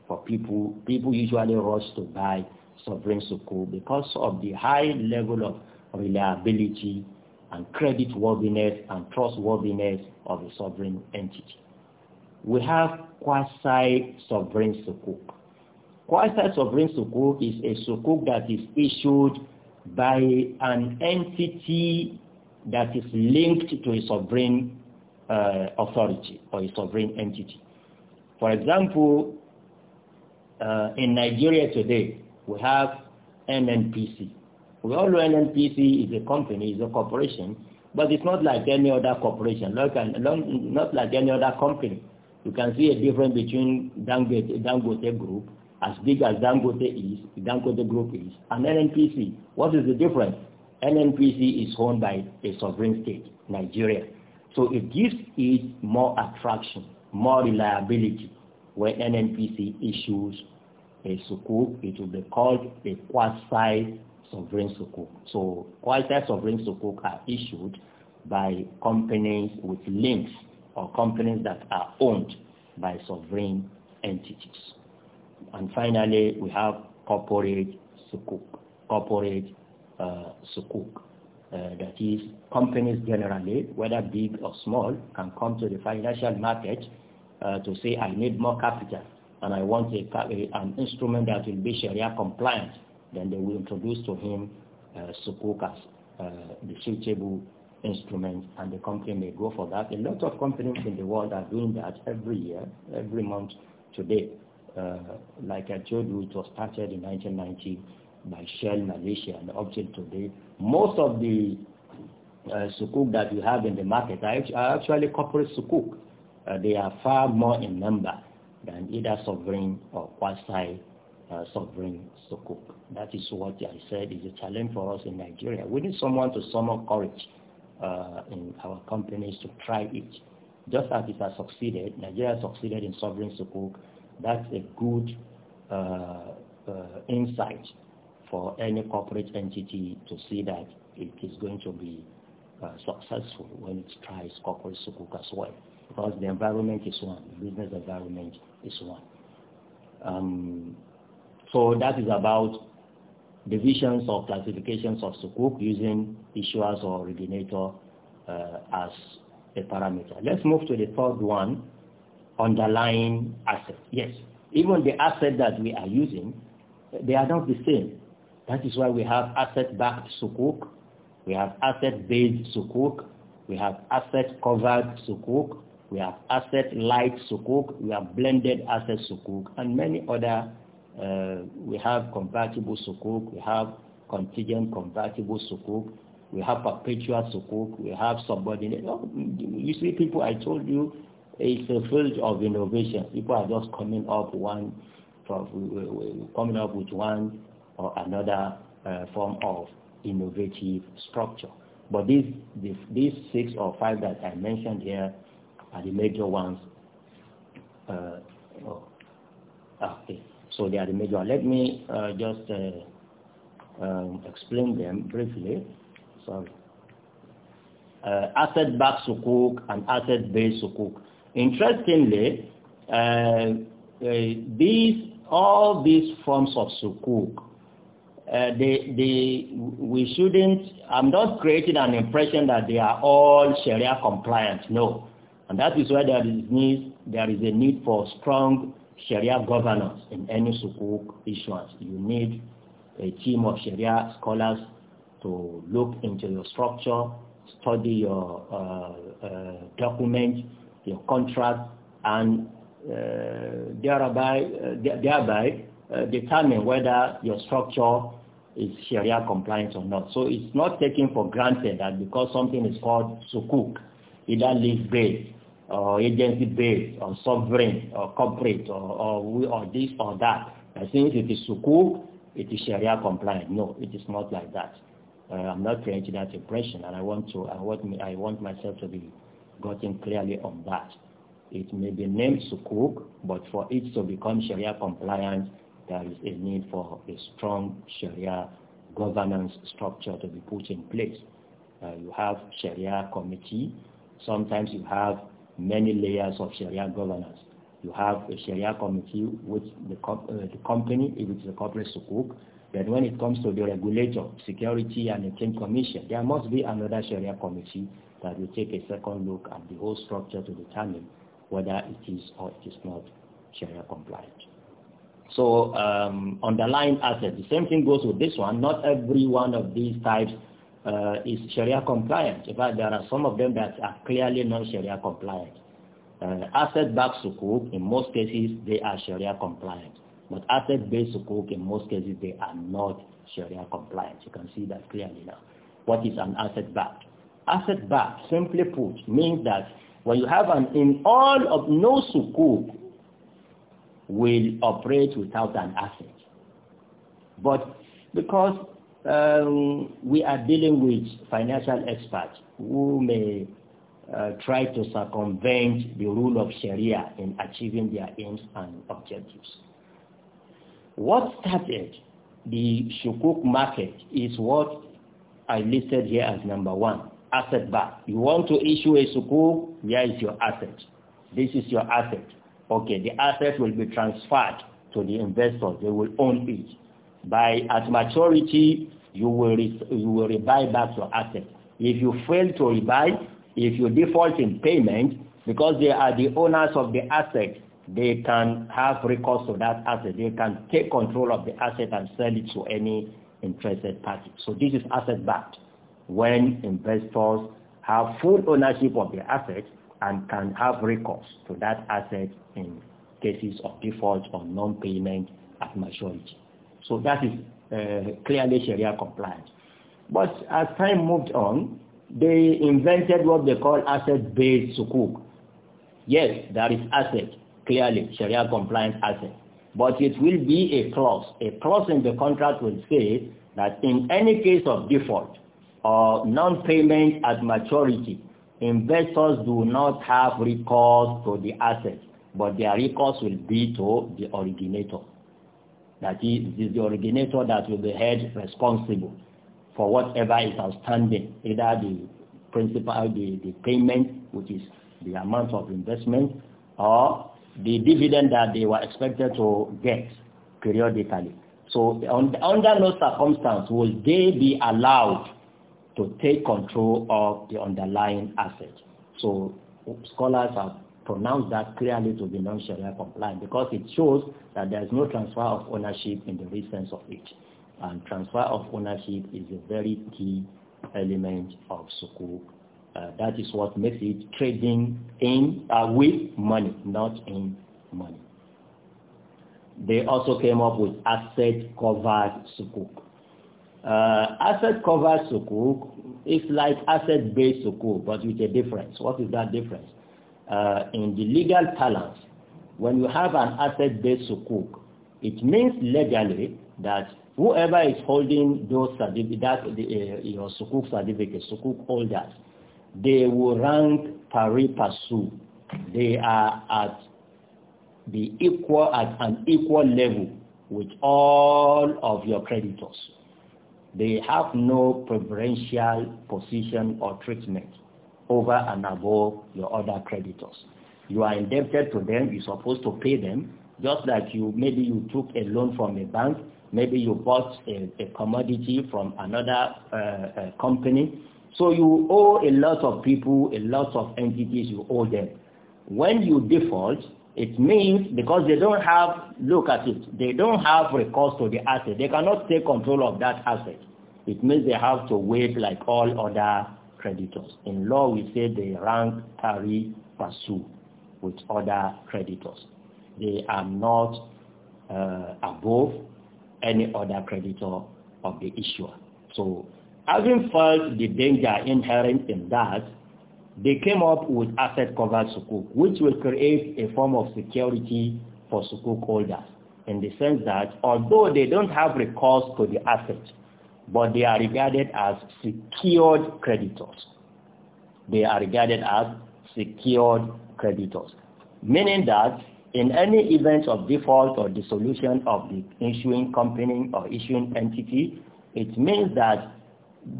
for people. People usually rush to buy sovereign sukuk because of the high level of reliability, and creditworthiness and trustworthiness of a sovereign entity. We have quasi-sovereign sukuk. Quasi-sovereign sukuk is a sukuk that is issued by an entity that is linked to a sovereign uh, authority or a sovereign entity. For example, uh, in Nigeria today, we have NNPC, we all know NNPC is a company, is a corporation, but it's not like any other corporation, uh, not, not like any other company. You can see a difference between Dangote, Dangote Group, as big as Dangote is, Dangote Group is, and NNPC. What is the difference? NNPC is owned by a sovereign state, Nigeria. So it gives it more attraction, more reliability. When NNPC issues a sukuk, it will be called a quasi sovereign sukuk. So quieter sovereign sukuk are issued by companies with links or companies that are owned by sovereign entities. And finally, we have corporate sukuk, corporate uh, sukuk. Uh, that is, companies generally, whether big or small, can come to the financial market uh, to say, I need more capital and I want a, an instrument that will be Sharia compliant then they will introduce to him uh, sukukas, uh, the suitable instrument, and the company may go for that. A lot of companies in the world are doing that every year, every month today. Uh, like I told you, it was started in 1990 by Shell Malaysia, and up till today, most of the uh, sukuk that you have in the market are, are actually corporate sukuk. Uh, they are far more in number than either sovereign or quasi uh, sovereign sukuk. That is what I said is a challenge for us in Nigeria. We need someone to summon courage uh, in our companies to try it. Just as it has succeeded, Nigeria succeeded in sovereign sukuk. That's a good uh, insight for any corporate entity to see that it is going to be uh, successful when it tries corporate sukuk as well. Because the environment is one, the business environment is one. Um, so that is about divisions or classifications of sukuk using issuers or originator uh, as a parameter. Let's move to the third one, underlying asset. Yes, even the asset that we are using, they are not the same. That is why we have asset-backed sukuk, we have asset-based sukuk, we have asset-covered sukuk, we have asset-light sukuk, we have blended asset sukuk, and many other uh, we have convertible sukuk, we have contingent convertible sukuk, we have perpetual sukuk, we have subordinate. You see, people, I told you, it's a field of innovation. People are just coming up one, coming up with one or another uh, form of innovative structure. But these, these, these six or five that I mentioned here are the major ones. Uh, oh, ah, okay. So they are the major. Let me uh, just uh, um, explain them briefly. Sorry. Uh, asset-backed sukuk and asset-based sukuk. Interestingly, uh, uh, these all these forms of sukuk, uh, they, they, we shouldn't, I'm not creating an impression that they are all Sharia compliant, no. And that is why there is, need, there is a need for strong Sharia governance in any sukuk issuance. You need a team of Sharia scholars to look into your structure, study your uh, uh, document, your contract, and uh, thereby, uh, thereby uh, determine whether your structure is Sharia compliant or not. So it's not taken for granted that because something is called sukuk, either lease-based or agency based or sovereign or corporate or, or, we, or this or that. And since it is sukuk, it is Sharia compliant. No, it is not like that. Uh, I'm not creating that impression, and I want to, I want, me, I want myself to be gotten clearly on that. It may be named sukuk, but for it to become Sharia compliant, there is a need for a strong Sharia governance structure to be put in place. Uh, you have Sharia committee. Sometimes you have many layers of Sharia governance. You have a Sharia committee with the, co uh, the company, if it's a corporate sukuk, then when it comes to the regulator, security and exchange commission, there must be another Sharia committee that will take a second look at the whole structure to determine whether it is or it is not Sharia compliant. So um, underlying assets, the same thing goes with this one. Not every one of these types uh, is Sharia compliant. In fact, there are some of them that are clearly not Sharia compliant. Uh, asset-backed sukuk, in most cases, they are Sharia compliant. But asset-based sukuk, in most cases, they are not Sharia compliant. You can see that clearly now. What is an asset-backed? Asset-backed, simply put, means that when you have an in all of no sukuk will operate without an asset. But because um, we are dealing with financial experts who may uh, try to circumvent the rule of Sharia in achieving their aims and objectives. What started the sukuk market is what I listed here as number one, asset back. You want to issue a sukuk? here is your asset. This is your asset. Okay, the asset will be transferred to the investors. They will own it. By at maturity, you will, you will rebuy back your assets. If you fail to rebuy, if you default in payment, because they are the owners of the asset, they can have recourse to that asset. They can take control of the asset and sell it to any interested party. So this is asset-backed when investors have full ownership of the asset and can have recourse to that asset in cases of default or non-payment at maturity. So that is uh, clearly Sharia compliant. But as time moved on, they invented what they call asset-based sukuk. Yes, there is asset, clearly, Sharia compliant asset. But it will be a clause. A clause in the contract will say that in any case of default or non-payment at maturity, investors do not have recourse to the asset, but their recourse will be to the originator. That is, the originator that will be held responsible for whatever is outstanding, either the principal, the, the payment, which is the amount of investment, or the dividend that they were expected to get periodically. So under no circumstance will they be allowed to take control of the underlying asset. So scholars have pronounce that clearly to be non-Sharia compliant because it shows that there is no transfer of ownership in the real sense of it. And transfer of ownership is a very key element of sukuk. Uh, that is what makes it trading in uh, with money, not in money. They also came up with asset covered sukuk. Uh, asset covered sukuk is like asset based sukuk, but with a difference. What is that difference? uh, in the legal parlance, when you have an asset-based sukuk, it means legally that whoever is holding those that the, uh, your sukuk certificate, sukuk holders, they will rank pari passu. They are at the equal at an equal level with all of your creditors. They have no preferential position or treatment over and above your other creditors. You are indebted to them, you're supposed to pay them, just like you maybe you took a loan from a bank, maybe you bought a, a commodity from another uh, uh, company. So you owe a lot of people, a lot of entities you owe them. When you default, it means because they don't have, look at it, they don't have recourse to the asset. They cannot take control of that asset. It means they have to wait like all other creditors. In law, we say they rank pari passu with other creditors. They are not uh, above any other creditor of the issuer. So having felt the danger inherent in that, they came up with asset covered sukuk, which will create a form of security for sukuk holders in the sense that although they don't have recourse to the asset, but they are regarded as secured creditors. They are regarded as secured creditors, meaning that in any event of default or dissolution of the issuing company or issuing entity, it means that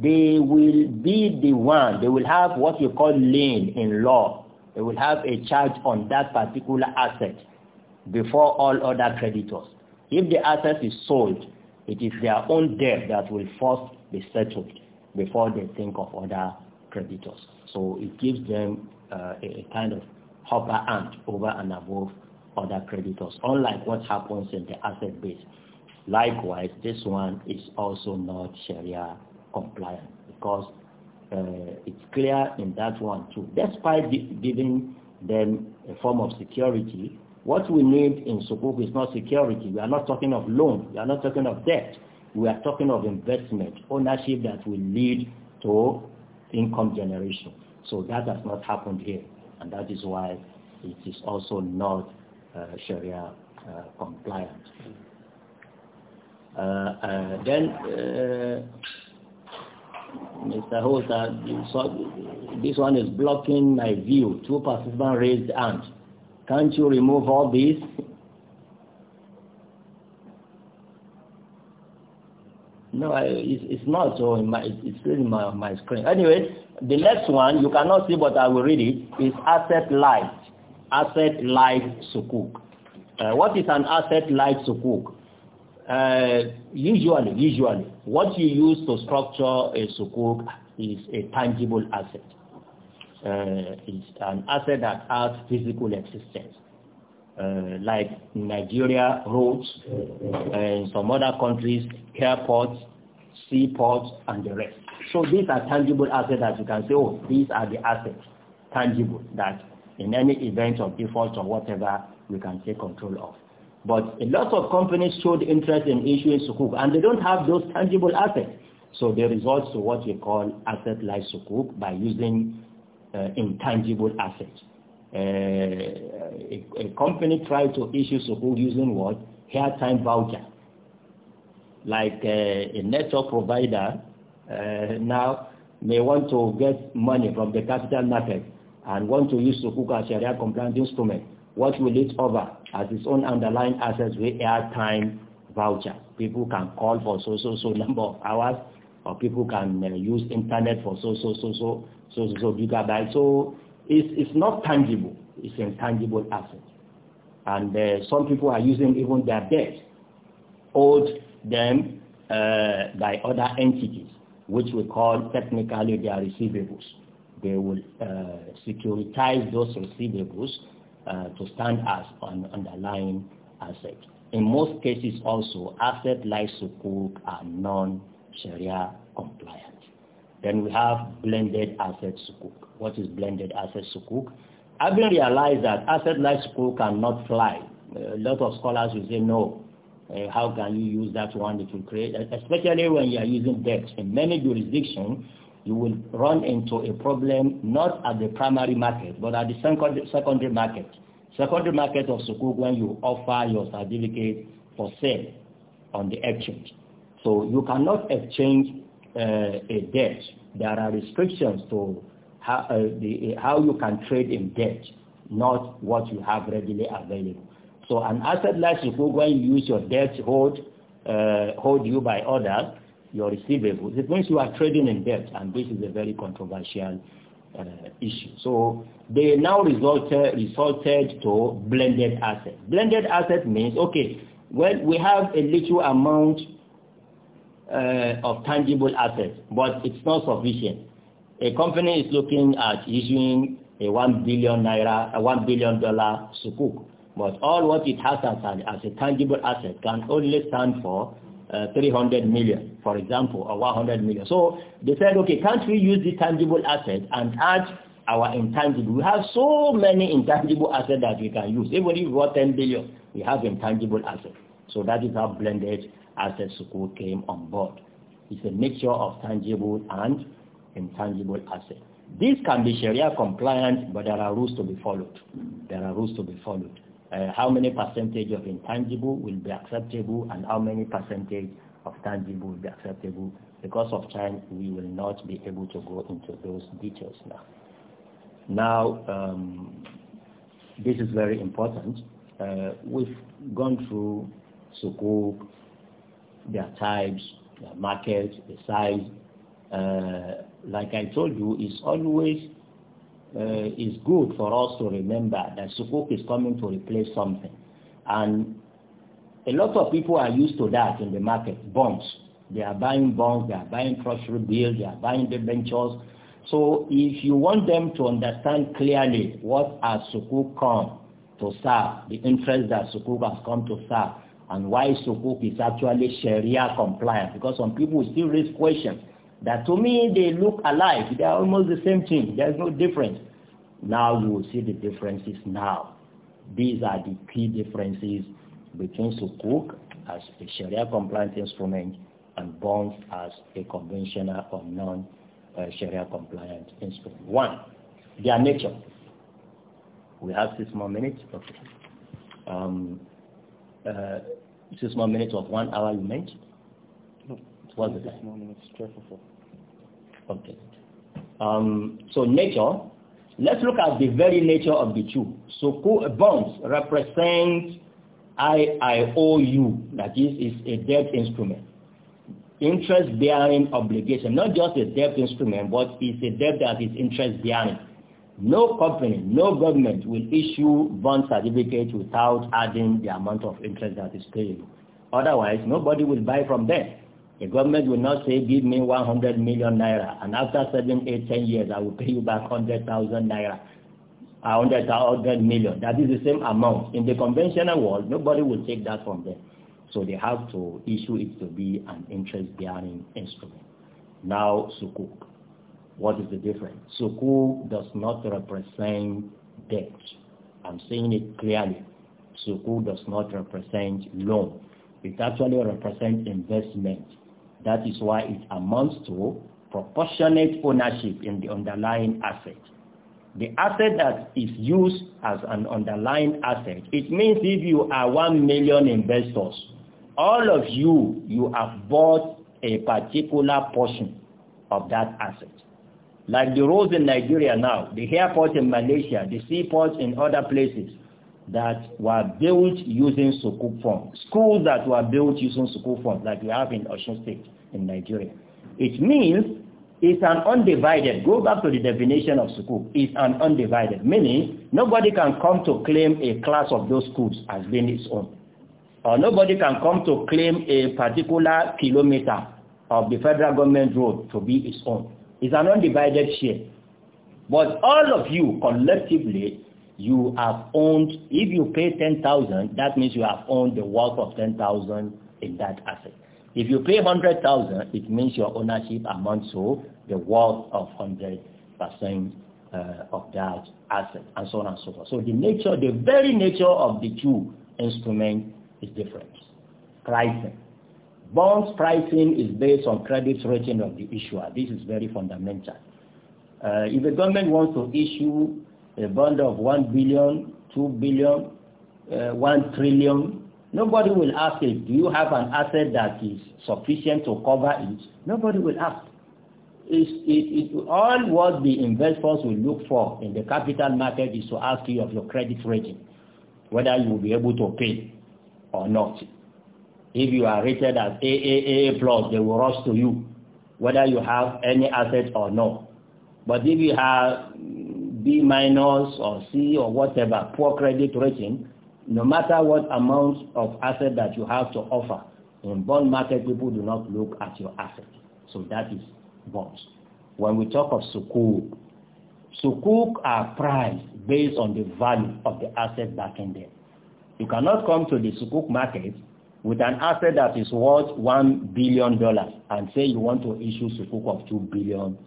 they will be the one, they will have what you call lien in law. They will have a charge on that particular asset before all other creditors. If the asset is sold, it is their own debt that will first be settled before they think of other creditors. So it gives them uh, a, kind of upper hand over and above other creditors, unlike what happens in the asset base. Likewise, this one is also not Sharia compliant because uh, it's clear in that one too. Despite giving them a form of security, what we need in Sukuk is not security. We are not talking of loan. We are not talking of debt. We are talking of investment, ownership that will lead to income generation. So that has not happened here. And that is why it is also not uh, Sharia uh, compliant. Uh, uh then uh, Mr. Holter, uh, this one is blocking my view. Two participants raised hands. Can't you remove all these? No, I, it's, it's not so. In my, it's still in my, my screen. Anyway, the next one, you cannot see, but I will read it, is asset light. Asset light sukuk. Uh, what is an asset light sukuk? Uh, usually, usually, what you use to structure a sukuk is a tangible asset. Uh, is an asset that has physical existence. Uh, like Nigeria roads, uh, and some other countries, airports, seaports, and the rest. So these are tangible assets that you can say, oh, these are the assets, tangible, that in any event of default or whatever, we can take control of. But a lot of companies showed interest in issuing sukuk, and they don't have those tangible assets. So they resort to what we call asset-light sukuk by using uh, intangible assets. Uh, a, a company tried to issue Sukuk using what? Airtime voucher. Like uh, a network provider now may want to get money from the capital market and want to use Sukuk as Sharia compliant instrument. What will it offer as its own underlying assets with airtime voucher? People can call for so so so number of hours, or people can uh, use internet for so so so so so so bigger by so it's it's not tangible it's intangible asset and uh, some people are using even their debt owed them uh, by other entities which we call technically their receivables they will uh, securitize those receivables uh, to stand as an underlying asset in most cases also asset like sukuk are non-sharia compliant then we have blended asset sukuk. What is blended asset sukuk? Having realized that asset like sukuk cannot fly, a lot of scholars will say no. Uh, how can you use that one to will create, especially when you are using debt. In many jurisdictions, you will run into a problem not at the primary market, but at the secondary market. Secondary market of sukuk when you offer your certificate for sale on the exchange. So you cannot exchange uh, a debt. There are restrictions to how, uh, the, how you can trade in debt, not what you have readily available. So an asset like you when you use your debt hold, uh, hold you by others, your receivables, it means you are trading in debt, and this is a very controversial uh, issue. So they now resulted, uh, resulted to blended asset. Blended asset means, okay, well, we have a little amount uh, of tangible assets, but it's not sufficient. A company is looking at issuing a one billion naira, a one billion dollar sukuk, but all what it has as, as a tangible asset can only stand for uh, 300 million, for example, or 100 million. So they said, okay, can't we use the tangible asset and add our intangible? We have so many intangible assets that we can use. Even if we got 10 billion, we have intangible assets. So that is how blended Asset the came on board. It's a mixture of tangible and intangible assets. This can be Sharia compliant, but there are rules to be followed. There are rules to be followed. Uh, how many percentage of intangible will be acceptable and how many percentage of tangible will be acceptable. Because of time, we will not be able to go into those details now. Now, um, this is very important. Uh, we've gone through sukuk, their types, their market, the size. Uh, like I told you, it's always uh, it's good for us to remember that sukuk is coming to replace something. And a lot of people are used to that in the market, bonds. They are buying bonds, they are buying treasury bills, they are buying debentures. So if you want them to understand clearly what has sukuk come to serve, the interest that sukuk has come to serve, and why sukuk is actually Sharia compliant because some people still raise questions that to me they look alike. They are almost the same thing. There's no difference. Now you will see the differences now. These are the key differences between sukuk as a Sharia compliant instrument and bonds as a conventional or non-Sharia uh, compliant instrument. One, their nature. We have six more minutes. Okay. Um, uh, six more minutes of one hour you mentioned. No. What's the time? Six more minutes, 12 or 4. Okay. Um, so nature, let's look at the very nature of the two. So bonds represent IIOU, that is, is a debt instrument. Interest-bearing obligation, not just a debt instrument, but it's a debt that is interest-bearing. No company, no government will issue bond certificates without adding the amount of interest that is paid. Otherwise, nobody will buy from them. The government will not say, give me 100 million naira, and after seven, eight, ten years, I will pay you back 100,000 naira, 100, 100 million. That is the same amount. In the conventional world, nobody will take that from them. So they have to issue it to be an interest-bearing instrument. Now, sukuk. What is the difference? Sukuk does not represent debt. I'm saying it clearly. Sukuk does not represent loan. It actually represents investment. That is why it amounts to proportionate ownership in the underlying asset. The asset that is used as an underlying asset, it means if you are 1 million investors, all of you, you have bought a particular portion of that asset. Like the roads in Nigeria now, the airport in Malaysia, the seaports in other places that were built using Sukuk funds. Schools that were built using Sukuk funds like we have in Osun State in Nigeria. It means it's an undivided, go back to the definition of Sukuk, it's an undivided, meaning nobody can come to claim a class of those schools as being its own. Or nobody can come to claim a particular kilometer of the federal government road to be its own. It's an undivided share. But all of you collectively, you have owned, if you pay 10,000, that means you have owned the worth of 10,000 in that asset. If you pay 100,000, it means your ownership amounts to the worth of 100% uh, of that asset, and so on and so forth. So the nature, the very nature of the two instruments is different. Pricing Bonds pricing is based on credit rating of the issuer. This is very fundamental. Uh, if the government wants to issue a bond of 1 billion, 2 billion, uh, 1 trillion, nobody will ask it, do you have an asset that is sufficient to cover it? Nobody will ask. It's, it, it, all what the investors will look for in the capital market is to ask you of your credit rating, whether you will be able to pay or not. If you are rated as AAA plus, they will rush to you, whether you have any assets or not. But if you have B minus or C or whatever, poor credit rating, no matter what amount of asset that you have to offer, in bond market, people do not look at your asset. So that is bonds. When we talk of sukuk, sukuk are priced based on the value of the asset back in them. You cannot come to the sukuk market with an asset that is worth $1 billion and say you want to issue sukuk of $2 billion,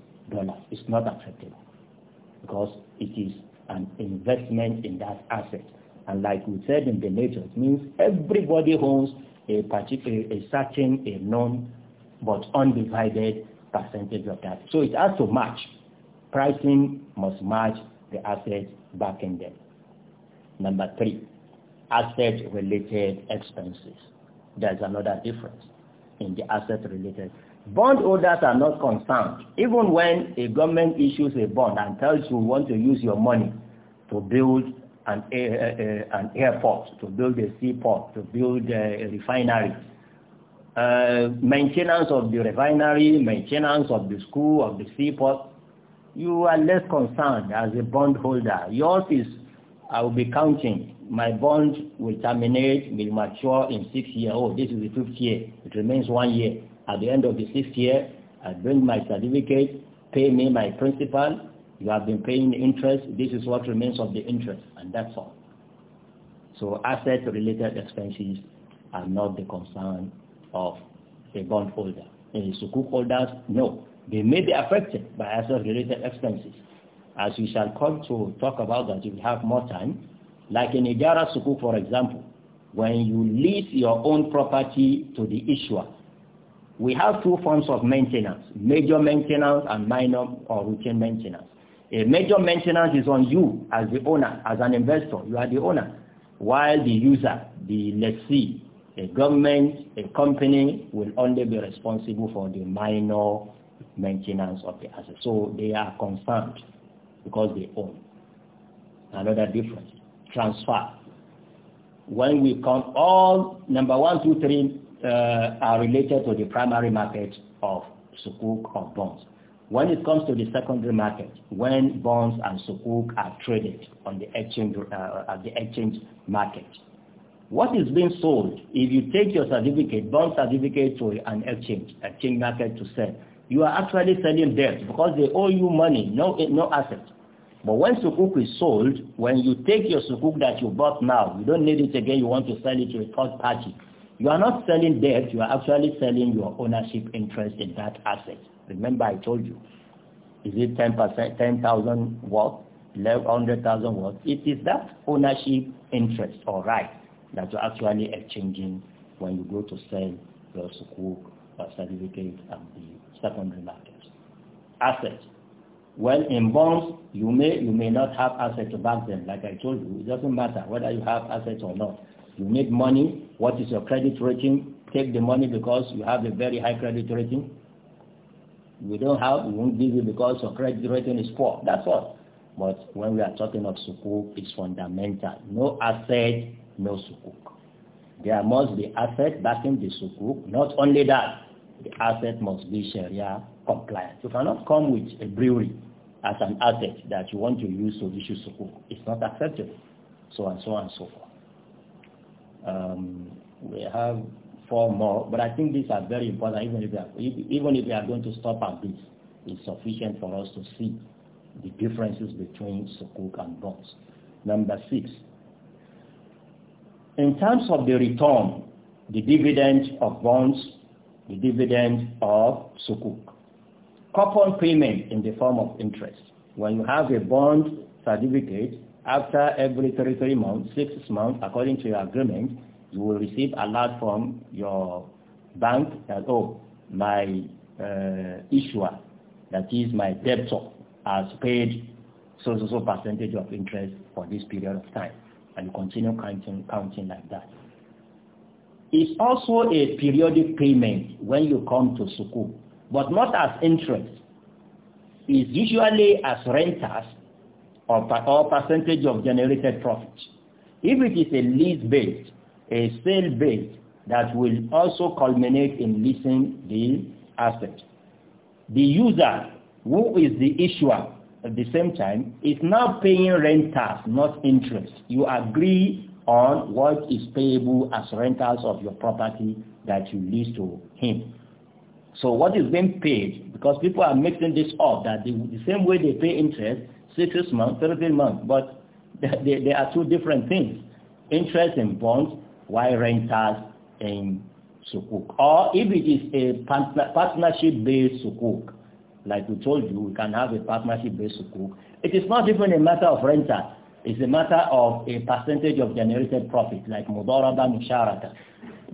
it's not acceptable because it is an investment in that asset. And like we said in the nature, it means everybody owns a particular, a certain, a known, but undivided percentage of that. So it has to match. Pricing must match the asset backing them. Number three, asset-related expenses there's another difference in the asset related. Bondholders are not concerned. Even when a government issues a bond and tells you want to use your money to build an, air, uh, an airport, to build a seaport, to build a refinery, uh, maintenance of the refinery, maintenance of the school, of the seaport, you are less concerned as a bondholder. Yours is, I will be counting my bond will terminate, will mature in six years. Oh, this is the fifth year. It remains one year. At the end of the sixth year, I bring my certificate, pay me my principal. You have been paying interest. This is what remains of the interest, and that's all. So asset-related expenses are not the concern of a bondholder. And sukuk holders, no. They may be affected by asset-related expenses. As we shall come to talk about that if we have more time, like in Ijara Sukuk, for example, when you lease your own property to the issuer, we have two forms of maintenance, major maintenance and minor or routine maintenance. A major maintenance is on you as the owner, as an investor, you are the owner, while the user, the lessee, a government, a company will only be responsible for the minor maintenance of the asset. So they are concerned because they own. Another difference transfer. When we count all number one, two, three uh, are related to the primary market of sukuk or bonds. When it comes to the secondary market, when bonds and sukuk are traded on the exchange uh, at the exchange market, what is being sold? If you take your certificate, bond certificate to an exchange, exchange market to sell, you are actually selling debt because they owe you money, no no assets. But when sukuk is sold, when you take your sukuk that you bought now, you don't need it again, you want to sell it to a third party. You are not selling debt, you are actually selling your ownership interest in that asset. Remember I told you, is it 10%, 10,000 worth, 100,000 worth? It is that ownership interest or right that you're actually exchanging when you go to sell your sukuk or certificate at the secondary market. Assets well, in bonds, you may you may not have assets to back them. Like I told you, it doesn't matter whether you have assets or not. You need money. What is your credit rating? Take the money because you have a very high credit rating. We don't have, we won't give you because your credit rating is poor. That's all. But when we are talking of sukuk, it's fundamental. No asset, no sukuk. There must be asset backing the sukuk. Not only that, the asset must be Sharia compliant. You cannot come with a brewery as an asset that you want to use to issue sukuk. It's not accepted. So and so and so forth. Um, we have four more, but I think these are very important. Even if we are, even if we are going to stop at this, it's sufficient for us to see the differences between sukuk and bonds. Number six, in terms of the return, the dividend of bonds, the dividend of sukuk coupon payment in the form of interest. When you have a bond certificate, after every 33 months, 6 months, according to your agreement, you will receive a lot from your bank that, oh, my uh, issuer, that is my debtor, has paid so, so, so percentage of interest for this period of time. And you continue counting, counting like that. It's also a periodic payment when you come to sukuk but not as interest, is usually as renters or, or percentage of generated profit. If it is a lease-based, a sale-based, that will also culminate in leasing the asset. The user, who is the issuer at the same time, is now paying renters, not interest. You agree on what is payable as rentals of your property that you lease to him. So what is being paid, because people are mixing this up, that the, the same way they pay interest, six months, 13 months, but they, they are two different things. Interest in bonds, while renters in sukuk. Or if it is a partner, partnership-based sukuk, like we told you, we can have a partnership-based sukuk. It is not even a matter of renter. It's a matter of a percentage of generated profit, like mudaraba musharaka.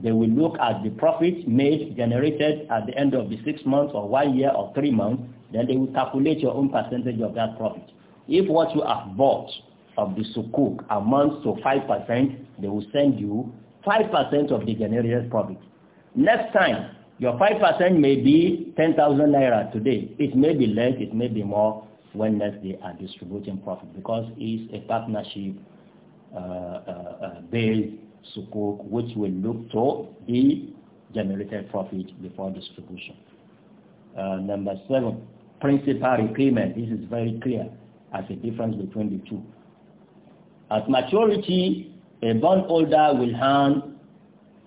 They will look at the profit made, generated at the end of the six months or one year or three months. Then they will calculate your own percentage of that profit. If what you have bought of the sukuk amounts to 5%, they will send you 5% of the generated profit. Next time, your 5% may be 10,000 naira today. It may be less, it may be more when they are distributing profit because it's a partnership uh, uh, uh based sukuk, which will look to the generated profit before distribution. Uh, number seven, principal repayment. This is very clear as a difference between the two. At maturity, a bondholder will hand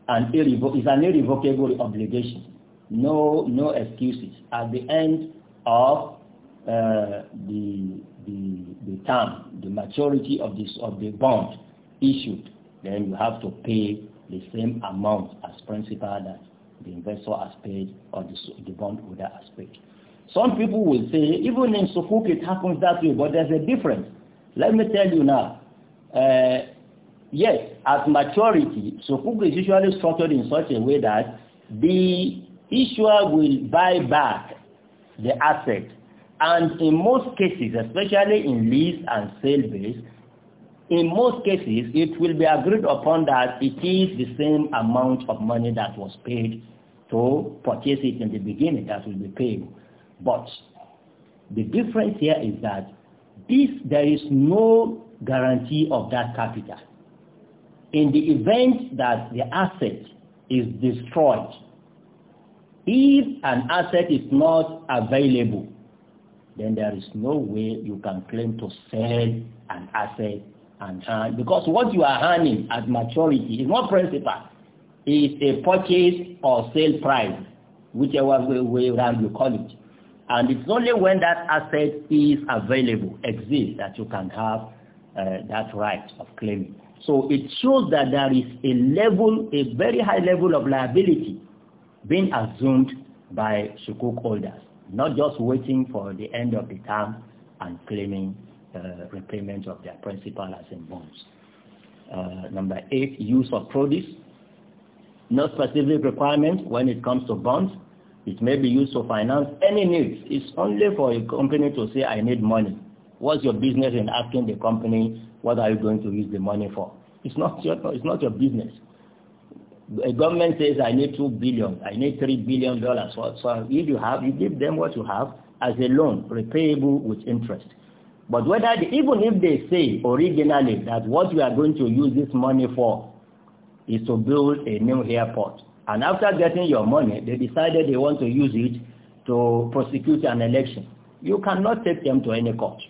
an irrevo- is an irrevocable obligation. No, no excuses. At the end of uh, the, the, the term, the maturity of, this, of the bond issued, then you have to pay the same amount as principal that the investor has paid or the, the bondholder has paid. Some people will say, even in Sukuk it happens that way, but there's a difference. Let me tell you now. Uh, yes, at maturity, Sukuk is usually structured in such a way that the issuer will buy back the asset. And in most cases, especially in lease and sale base, in most cases, it will be agreed upon that it is the same amount of money that was paid to purchase it in the beginning that will be paid. But the difference here is that this, there is no guarantee of that capital. In the event that the asset is destroyed, if an asset is not available, then there is no way you can claim to sell an asset and hand uh, because what you are earning at maturity is not principal is a purchase or sale price whichever way, way around you call it and it's only when that asset is available exists that you can have uh, that right of claiming so it shows that there is a level a very high level of liability being assumed by sukuk holders not just waiting for the end of the term and claiming uh, repayment of their principal as in bonds. Uh, number eight, use of produce. No specific requirement when it comes to bonds. It may be used to finance any needs. It's only for a company to say, I need money. What's your business in asking the company, what are you going to use the money for? It's not your, it's not your business. A government says, I need $2 billion, I need $3 billion. So, so if you have, you give them what you have as a loan, repayable with interest. But whether they, even if they say originally that what we are going to use this money for is to build a new airport, and after getting your money, they decided they want to use it to prosecute an election, you cannot take them to any court.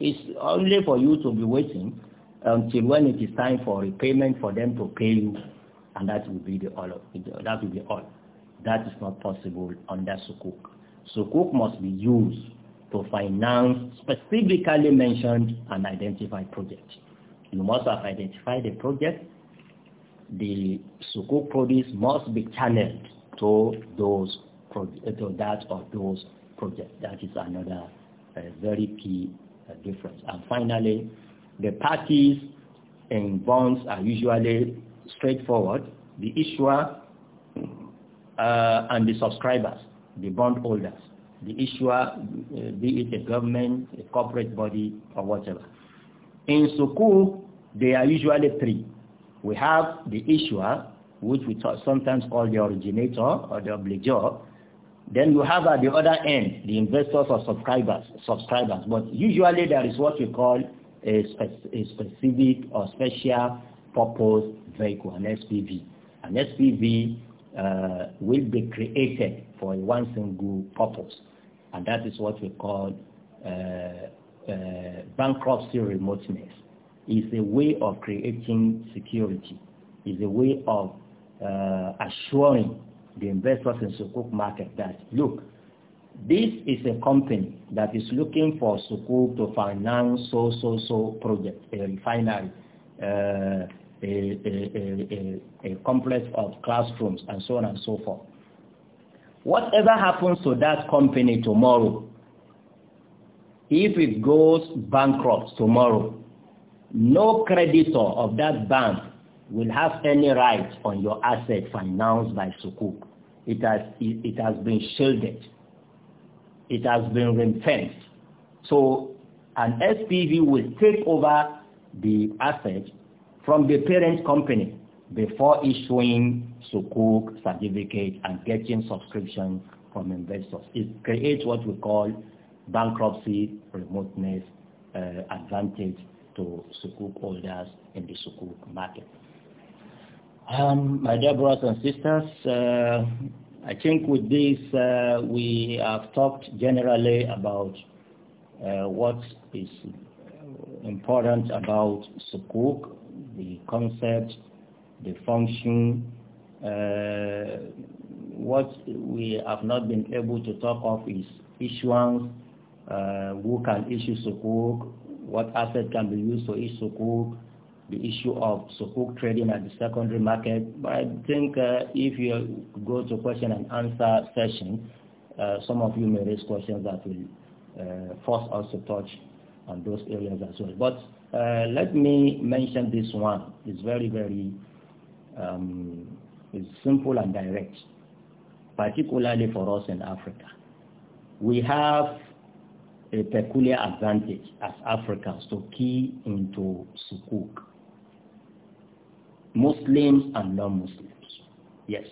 It's only for you to be waiting until when it is time for repayment for them to pay you, and that will be the all. Of, that will be all. That is not possible under sukuk. Sukuk must be used to finance specifically mentioned and identified projects. You must have identified the project. The sukuk produce must be channeled to those uh, to that or those projects. That is another uh, very key uh, difference. And finally, the parties in bonds are usually straightforward. The issuer uh, and the subscribers, the bondholders the issuer, uh, be it a government, a corporate body, or whatever. In sukuk, they are usually three. We have the issuer, which we sometimes call the originator or the obligor. Then you have at the other end, the investors or subscribers, subscribers. But usually there is what we call a, spe a specific or special purpose vehicle, an SPV. An SPV uh, will be created for a one single purpose. And that is what we call uh, uh, bankruptcy remoteness. It's a way of creating security. It's a way of uh, assuring the investors in Sukuk market that, look, this is a company that is looking for Sukuk to finance so, so, so project, a refinery, uh, a, a, a, a complex of classrooms, and so on and so forth. Whatever happens to that company tomorrow, if it goes bankrupt tomorrow, no creditor of that bank will have any right on your asset financed by Sukuk. It has, it, it has been shielded. It has been ring-fenced. So an SPV will take over the asset from the parent company before issuing sukuk certificate and getting subscription from investors. It creates what we call bankruptcy remoteness uh, advantage to sukuk holders in the sukuk market. Um, my dear brothers and sisters, uh, I think with this uh, we have talked generally about uh, what is important about sukuk, the concept, the function, uh, what we have not been able to talk of is issuance, uh, who can issue sukuk, what asset can be used for each sukuk, the issue of sukuk trading at the secondary market. But I think uh, if you go to question and answer session, uh, some of you may raise questions that will uh, force us to touch on those areas as well. But uh, let me mention this one. It's very, very um, is simple and direct, particularly for us in Africa. We have a peculiar advantage as Africans to key into sukuk. Muslims and non-Muslims, yes.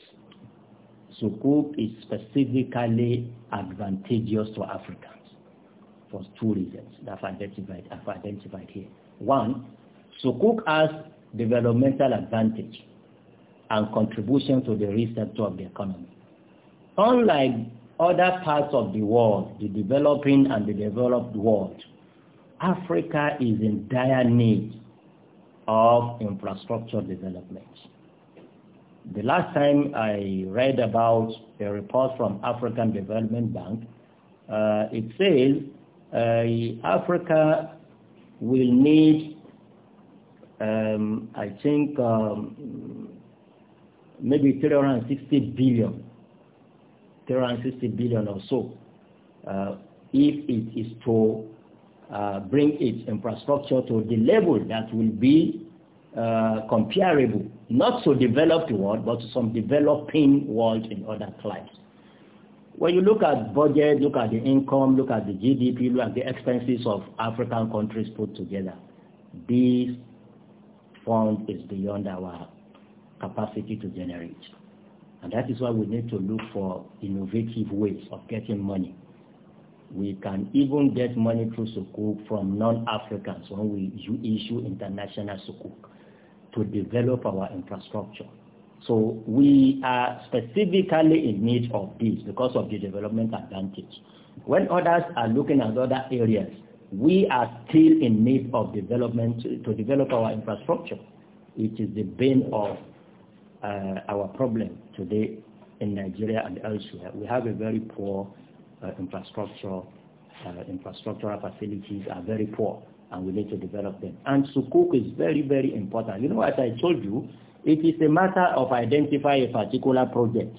Sukuk is specifically advantageous to Africans for two reasons that I've identified, I've identified here. One, sukuk has developmental advantage and contribution to the real sector of the economy. Unlike other parts of the world, the developing and the developed world, Africa is in dire need of infrastructure development. The last time I read about a report from African Development Bank, uh, it says uh, Africa will need, um, I think, um, maybe 360 billion, 360 billion or so, uh, if it is to uh, bring its infrastructure to the level that will be uh, comparable, not to developed world, but to some developing world in other climes. When you look at budget, look at the income, look at the GDP, look at the expenses of African countries put together, this fund is beyond our capacity to generate. And that is why we need to look for innovative ways of getting money. We can even get money through Sukuk from non-Africans when we issue international Sukuk to develop our infrastructure. So we are specifically in need of this because of the development advantage. When others are looking at other areas, we are still in need of development to, to develop our infrastructure. It is the bane of uh, our problem today in Nigeria and elsewhere. We have a very poor uh, infrastructure. Uh, infrastructural facilities are very poor and we need to develop them. And sukuk is very, very important. You know, as I told you, it is a matter of identify a particular project.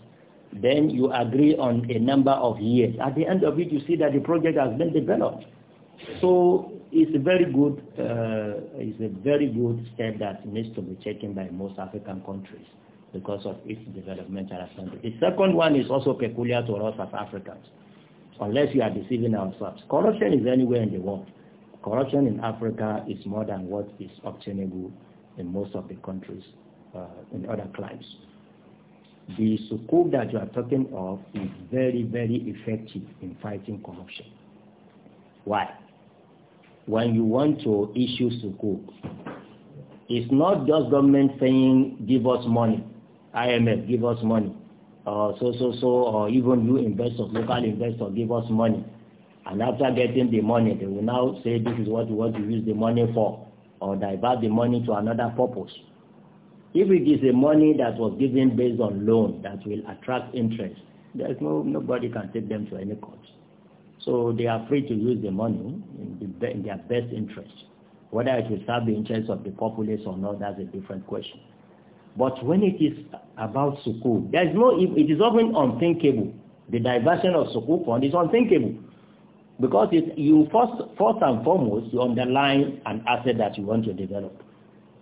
Then you agree on a number of years. At the end of it, you see that the project has been developed. So it's a very good, uh, it's a very good step that needs to be taken by most African countries because of its developmental assembly. The second one is also peculiar to us as Africans, unless you are deceiving ourselves. Corruption is anywhere in the world. Corruption in Africa is more than what is obtainable in most of the countries uh, in other climes. The sukuk that you are talking of is very, very effective in fighting corruption. Why? When you want to issue sukuk, it's not just government saying, give us money. IMF give us money or uh, so so so or uh, even you investors local investors give us money and after getting the money they will now say this is what we want to use the money for or divert the money to another purpose if it is the money that was given based on loan that will attract interest there is no nobody can take them to any court so they are free to use the money in, the, in their best interest whether it will serve the interest of the populace or not that's a different question but when it is about sukuk, there is no, it is often unthinkable. The diversion of sukuk fund is unthinkable. Because it, you first, first and foremost, you underline an asset that you want to develop.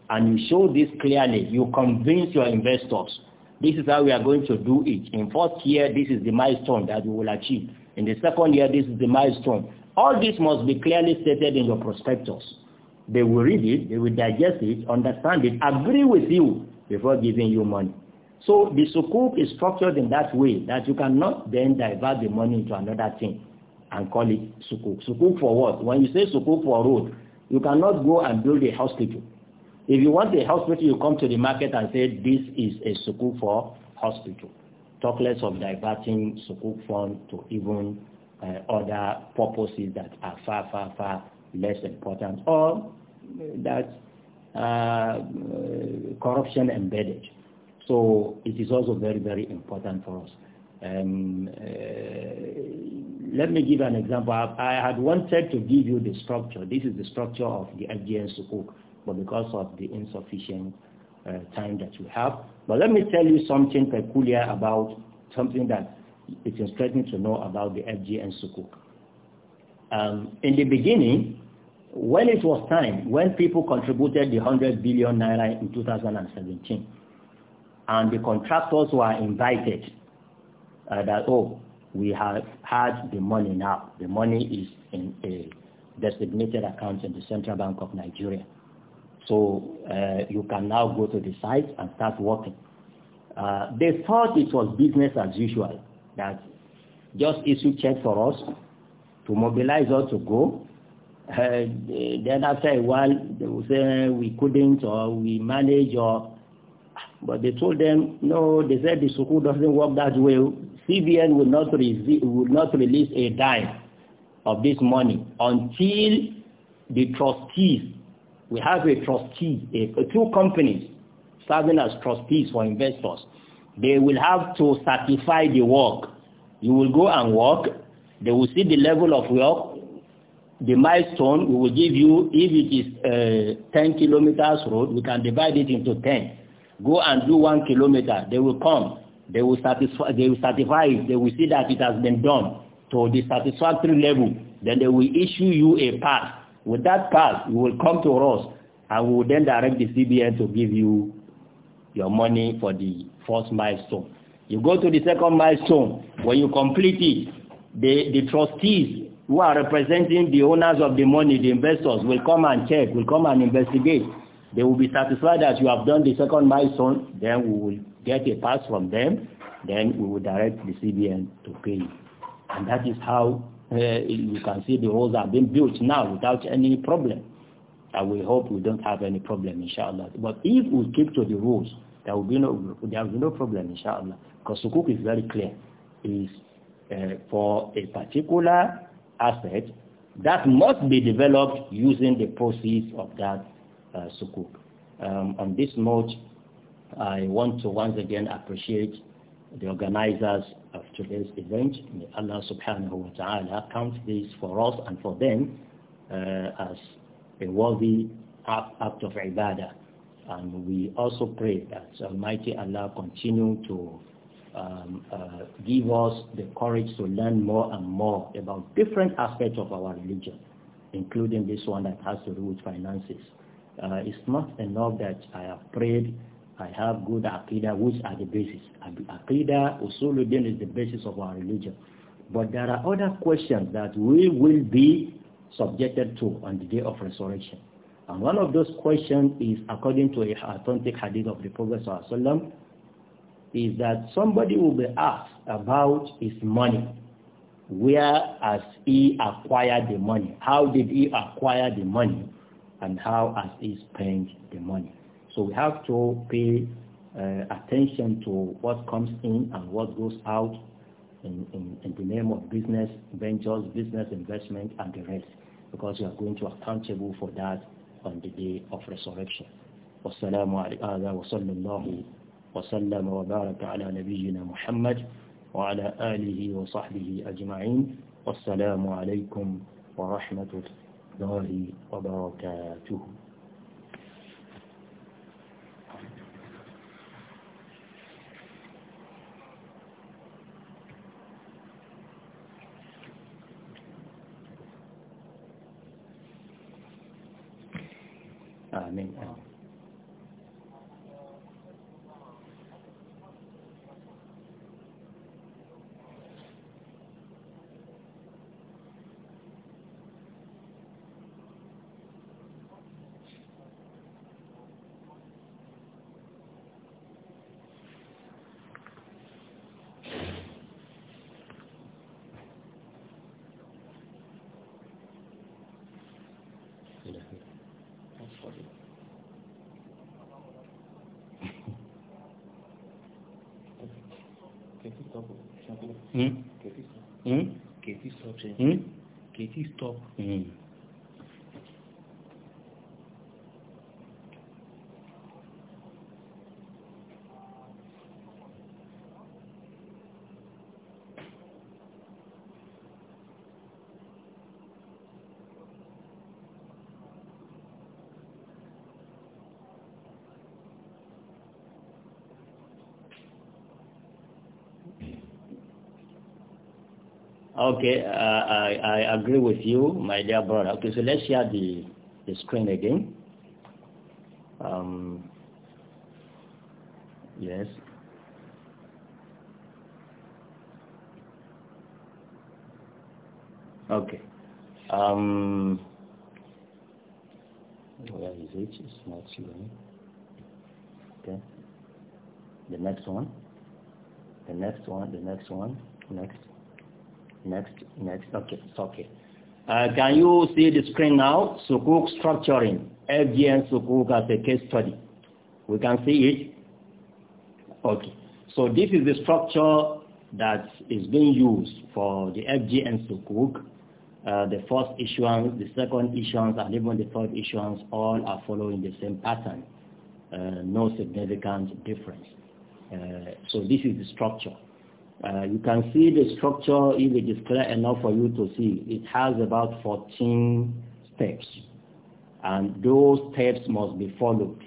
And you show this clearly. You convince your investors. This is how we are going to do it. In fourth year, this is the milestone that we will achieve. In the second year, this is the milestone. All this must be clearly stated in your prospectus. They will read it, they will digest it, understand it, agree with you before giving you money. So the sukuk is structured in that way that you cannot then divert the money into another thing and call it sukuk. Sukuk for what? When you say sukuk for road, you cannot go and build a hospital. If you want a hospital, you come to the market and say, this is a sukuk for hospital. Talk less of diverting sukuk fund to even uh, other purposes that are far, far, far less important or that Uh, corruption embedded. So it is also very, very important for us. Um, uh, let me give an example. I, had wanted to give you the structure. This is the structure of the FGN Sukuk, but because of the insufficient uh, time that we have. But let me tell you something peculiar about something that it's interesting to know about the FGN Sukuk. Um, in the beginning, when it was time, when people contributed the 100 billion naira in 2017, and the contractors were invited uh, that, oh, we have had the money now. The money is in a designated account in the Central Bank of Nigeria. So uh, you can now go to the site and start working. Uh, they thought it was business as usual, that just issue check for us to mobilize us to go then after a while they will say we couldn't or we manage or but they told them no they said the school doesn't work that well CBN will not will not release a dime of this money until the trustees we have a trustee a, a two companies serving as trustees for investors they will have to certify the work you will go and work they will see the level of work the milestone we will give you, if it is uh, 10 kilometers road, we can divide it into ten. Go and do one kilometer. They will come. They will satisfy. They will certify They will see that it has been done to the satisfactory level. Then they will issue you a pass. With that pass, you will come to us, and we will then direct the CBN to give you your money for the first milestone. You go to the second milestone. When you complete it, the, the trustees who are representing the owners of the money, the investors, will come and check, will come and investigate. They will be satisfied that you have done the second milestone, then we will get a pass from them, then we will direct the CBN to pay. And that is how uh, you can see the holes are being built now without any problem. And we hope we don't have any problem, inshallah. But if we keep to the rules, there will be no, there will be no problem, inshallah. Because Sukuk is very clear. It is uh, for a particular asset that must be developed using the proceeds of that uh, sukuk. Um, on this note, I want to once again appreciate the organizers of today's event. May Allah subhanahu wa ta'ala count this for us and for them uh, as a worthy act of ibadah. And we also pray that Almighty Allah continue to um, uh, give us the courage to learn more and more about different aspects of our religion, including this one that has to do with finances. Uh, it's not enough that I have prayed, I have good aqidah, which are the basis. Aqidah, usuluddin is the basis of our religion. But there are other questions that we will be subjected to on the day of resurrection. And one of those questions is according to a authentic hadith of the Prophet sallallahu is that somebody will be asked about his money. Where has he acquired the money? How did he acquire the money? And how has he spent the money? So we have to pay uh, attention to what comes in and what goes out in, in, in, the name of business ventures, business investment, and the rest, because we are going to accountable for that on the day of resurrection. والسلام عليكم وسلم وبارك على نبينا محمد وعلى آله وصحبه أجمعين والسلام عليكم ورحمة الله وبركاته Hmm? kì í sì stop hmm. okay, uh, I, I agree with you, my dear brother. Okay, so let's share the, the screen again. Um, yes. Okay. Um, where is it? It's not showing. Okay. The next one. The next one. The next one. Next. Next, next, okay, it's okay. Uh, can you see the screen now? Sukuk structuring, FGN Sukuk as a case study. We can see it? Okay. So this is the structure that is being used for the FGN Sukuk. Uh, the first issuance, the second issuance, and even the third issuance, all are following the same pattern. Uh, no significant difference. Uh, so this is the structure. Uh, you can see the structure if it is clear enough for you to see. It has about 14 steps. And those steps must be followed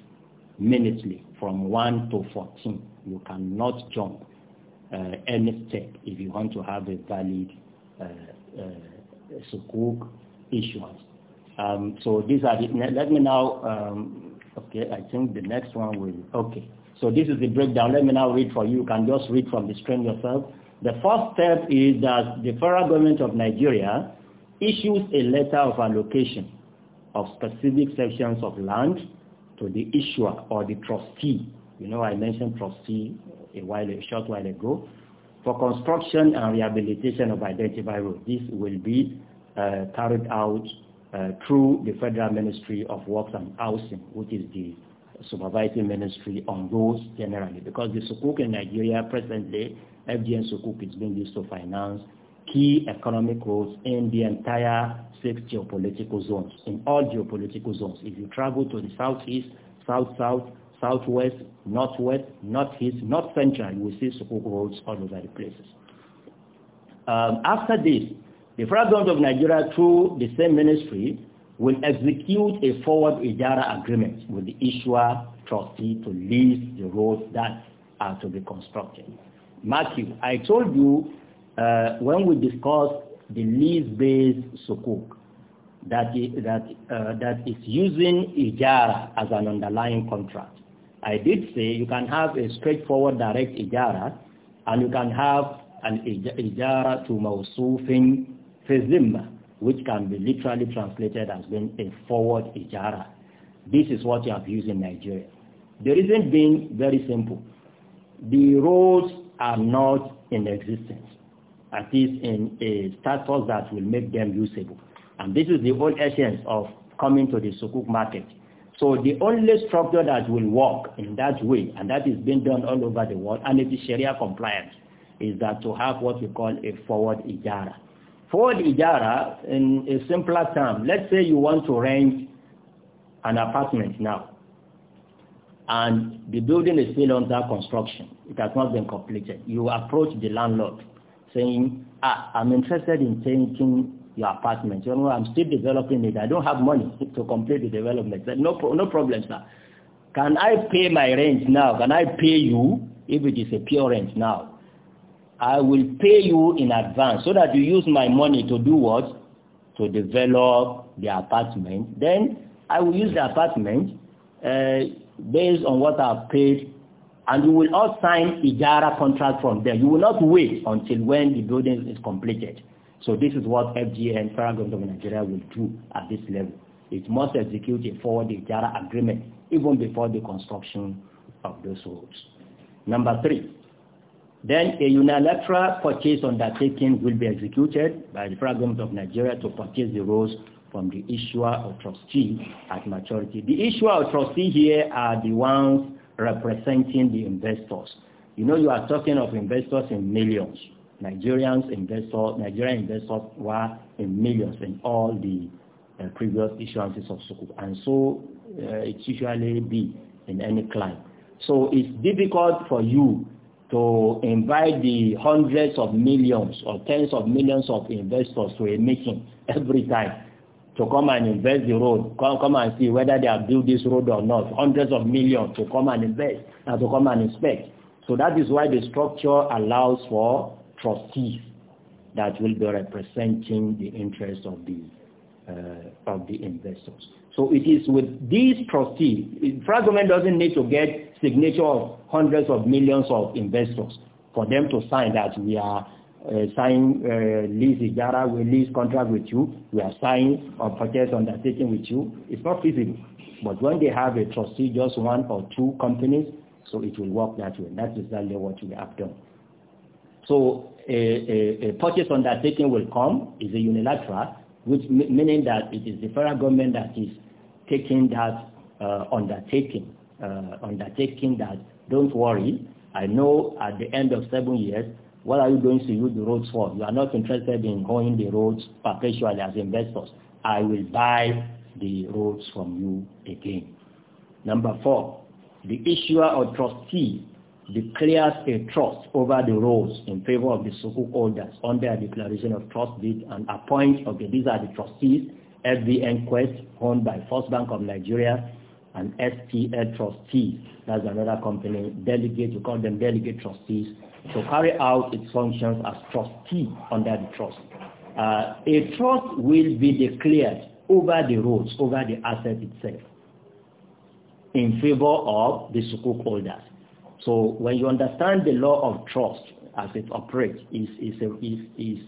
minutely from 1 to 14. You cannot jump uh, any step if you want to have a valid uh, uh sukuk issuance. Um, so these are the, let me now, um, okay, I think the next one will, okay. So this is the breakdown. Let me now read for you. You can just read from the screen yourself. The first step is that the federal government of Nigeria issues a letter of allocation of specific sections of land to the issuer or the trustee. You know, I mentioned trustee a while, a short while ago, for construction and rehabilitation of identified roads. This will be uh, carried out uh, through the Federal Ministry of Works and Housing, which is the supervising ministry on those generally because the sukuk in Nigeria presently, FGN sukuk is being used to finance key economic roads in the entire six geopolitical zones, in all geopolitical zones. If you travel to the southeast, south-south, southwest, northwest, northeast, north central, you will see sukuk roads all over the places. Um, after this, the president of Nigeria, through the same ministry, will execute a forward ijara agreement with the issuer trustee to lease the roads that are to be constructed. Matthew, I told you uh, when we discussed the lease-based sukuk that is, that, uh, that is using ijara as an underlying contract. I did say you can have a straightforward direct ijara and you can have an ijara to mawsufin fi which can be literally translated as being a forward ijara. This is what you have used in Nigeria. The reason being very simple. The roads are not in existence, at least in a status that will make them usable. And this is the whole essence of coming to the Sukuk market. So the only structure that will work in that way, and that is being done all over the world, and it is Sharia compliant, is that to have what we call a forward ijara. For the ijara, in a simpler term, let's say you want to rent an apartment now, and the building is still under construction. It has not been completed. You approach the landlord saying, ah, I'm interested in taking your apartment. You know, I'm still developing it. I don't have money to complete the development. No, no problem, sir. Can I pay my rent now? Can I pay you if it is a pure rent now? I will pay you in advance so that you use my money to do what? To develop the apartment. Then I will use the apartment uh, based on what I've paid and you will all sign Ijara contract from there. You will not wait until when the building is completed. So this is what FGA and Federal Government of Nigeria will do at this level. It must execute a forward Ijara agreement even before the construction of those roads. Number three, then a unilateral purchase undertaking will be executed by the Federal Government of Nigeria to purchase the rose from the issuer or trustee at maturity. The issuer or trustee here are the ones representing the investors. You know you are talking of investors in millions. Nigerians investor Nigerian investors were in millions in all the uh, previous issuances of sukuk. And so uh, it usually be in any client. So it's difficult for you to invite the hundreds of millions or tens of millions of investors to a meeting every time to come and invest the road, come, come and see whether they have built this road or not, hundreds of millions to come and invest and to come and inspect. So that is why the structure allows for trustees that will be representing the interests of the uh, of the investors. So it is with these trustees, Fragment doesn't need to get signature of hundreds of millions of investors for them to sign that we are uh, signing uh, lease Igara, we lease contract with you, we are signing a purchase undertaking with you. It's not feasible. But when they have a trustee, just one or two companies, so it will work that way. That's exactly what we have done. So a, a, a purchase undertaking will come, is a unilateral, which meaning that it is the federal government that is taking that uh, undertaking. Uh, undertaking that, don't worry, I know at the end of seven years, what are you going to use the roads for? You are not interested in owning the roads perpetually as investors. I will buy the roads from you again. Number four, the issuer or trustee declares a trust over the roads in favor of the sukuk holders under a declaration of trust deed and appoints, okay, these are the trustees, FBN Quest, owned by First Bank of Nigeria, and STL trustees, that's another company, delegate, we call them delegate trustees, to carry out its functions as trustee under the trust. Uh, a trust will be declared over the roads, over the asset itself, in favor of the sukuk holders. So when you understand the law of trust as it operates, is is a is is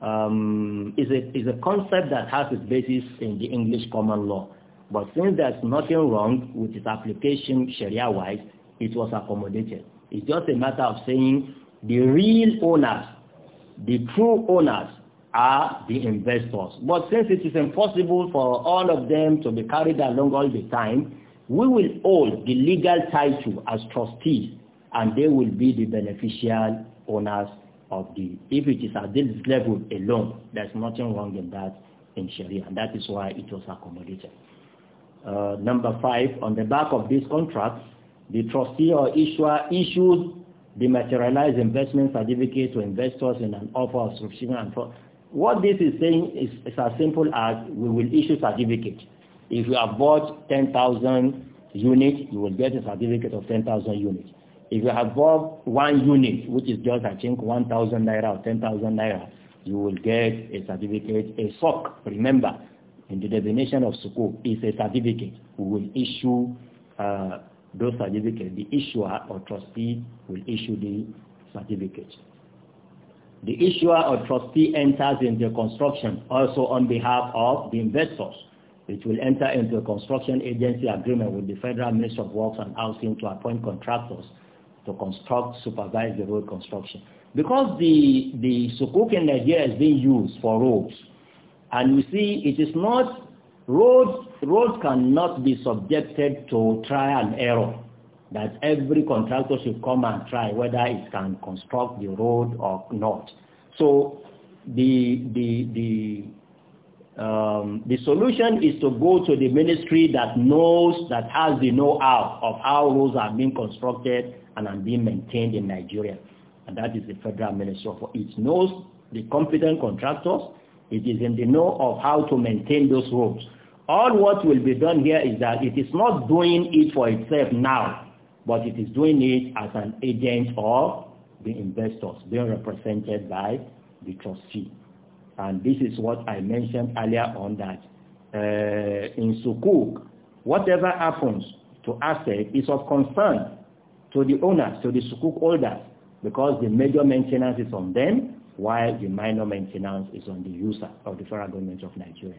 um, is a is a concept that has its basis in the English common law. But since there's nothing wrong with its application Sharia-wise, it was accommodated. It's just a matter of saying the real owners, the true owners, are the investors. But since it is impossible for all of them to be carried along all the time, we will hold the legal title as trustees, and they will be the beneficial owners of the... If it is at this level alone, there's nothing wrong in that in Sharia, and that is why it was accommodated. uh, number five, on the back of this contract, the trustee or issuer issues the materialized investment certificate to investors in an offer of subscription and trust. What this is saying is, is as simple as we will issue certificate. If you have bought 10,000 units, you will get a certificate of 10,000 units. If you have bought one unit, which is just, I think, 1,000 naira or 10,000 naira, you will get a certificate, a SOC. Remember, in the definition of sukuk is a certificate. We will issue uh, those certificates. The issuer or trustee will issue the certificate. The issuer or trustee enters into construction also on behalf of the investors. It will enter into a construction agency agreement with the Federal Ministry of Works and Housing to appoint contractors to construct, supervise the road construction. Because the, the sukuk in Nigeria is being used for roads, and you see, it is not, roads, roads cannot be subjected to trial and error that every contractor should come and try whether it can construct the road or not. So the, the, the, um, the solution is to go to the ministry that knows, that has the know-how of how roads are being constructed and are being maintained in Nigeria. And that is the Federal Ministry of It knows the competent contractors, It is in the know of how to maintain those roads. All what will be done here is that it is not doing it for itself now, but it is doing it as an agent of the investors being represented by the trustee. And this is what I mentioned earlier on that uh, in Sukuk, whatever happens to asset is of concern to the owners, to the Sukuk holders, because the major maintenance is on them while the minor maintenance is on the user of the federal government of Nigeria.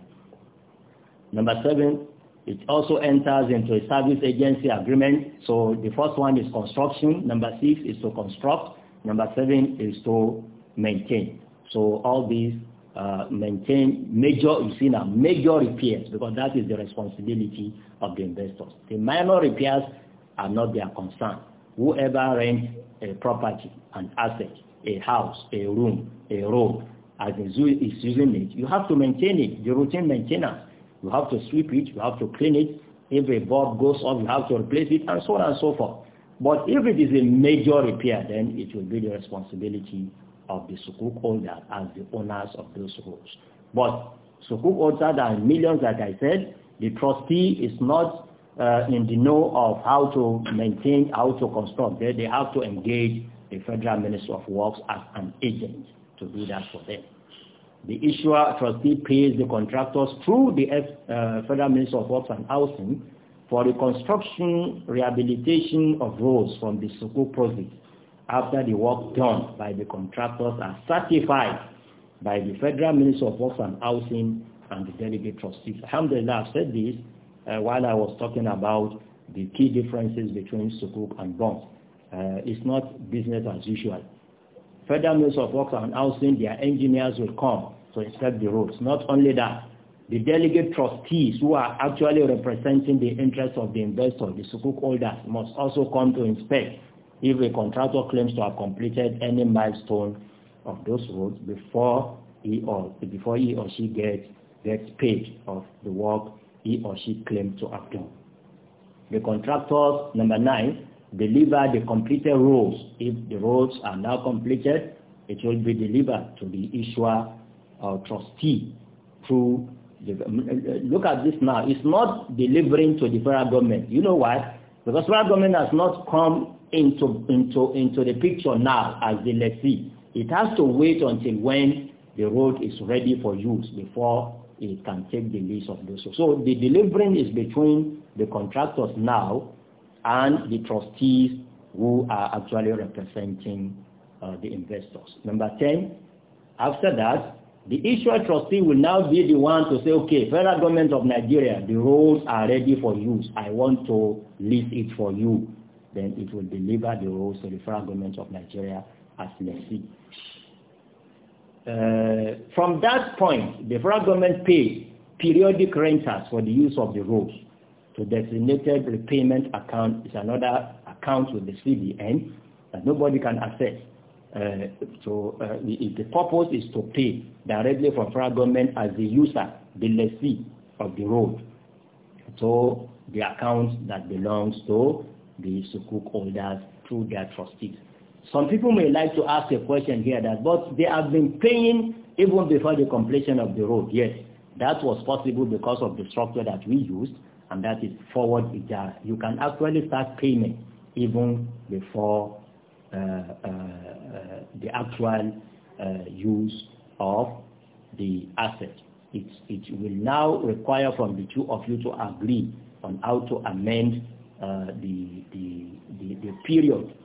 Number seven, it also enters into a service agency agreement. So the first one is construction. Number six is to construct. Number seven is to maintain. So all these uh, maintain major, you see now, major repairs because that is the responsibility of the investors. The minor repairs are not their concern. Whoever rents a property, and asset, a house, a room, a road, as the zoo is using it, you have to maintain it, the routine maintenance. You have to sweep it, you have to clean it. If a bulb goes off, you have to replace it, and so on and so forth. But if it is a major repair, then it will be the responsibility of the sukuk holder as the owners of those roads. But sukuk holder, there are millions, like I said, the trustee is not uh, in the know of how to maintain, how to construct. They, they have to engage the Federal Ministry of Works as an agent to do that for them. The issuer trustee pays the contractors through the uh, Federal Ministry of Works and Housing for the construction rehabilitation of roads from the Suku project after the work done by the contractors are certified by the Federal Ministry of Works and Housing and the delegate trustees. Alhamdulillah, I've said this uh, while I was talking about the key differences between Sukuk and bonds. Uh, it's not business as usual. Federal Ministry of Works are Housing, their engineers will come to inspect the roads. Not only that, the delegate trustees who are actually representing the interests of the investor, the sukuk holders, must also come to inspect if a contractor claims to have completed any milestone of those roads before he or before he or she gets gets paid of the work he or she claims to have done. The contractors, number nine, deliver the completed rolls. If the rolls are now completed, it will be delivered to the issuer uh, or trustee through the, uh, uh, look at this now. It's not delivering to the federal government. You know why? Because federal government has not come into into into the picture now as the lessee. It has to wait until when the road is ready for use before it can take the lease of those. So the delivering is between the contractors now and the trustees who are actually representing uh, the investors. Number 10, after that, the issuer trustee will now be the one to say, okay, federal government of Nigeria, the roads are ready for use. I want to list it for you. Then it will deliver the roads to the federal government of Nigeria as lessee. Uh, from that point, the federal government pays periodic renters for the use of the roads. So designated repayment account is another account with the CBN that nobody can access. Uh, so uh, if the purpose is to pay directly from federal government as the user, the lessee of the road, so the account that belongs to the sukuk holders through their trustees. Some people may like to ask a question here that, but they have been paying even before the completion of the road. Yes, that was possible because of the structure that we used and that is forward ijara. You can actually start payment even before uh, uh, uh the actual uh, use of the asset. It, it will now require from the two of you to agree on how to amend uh, the, the, the, the, period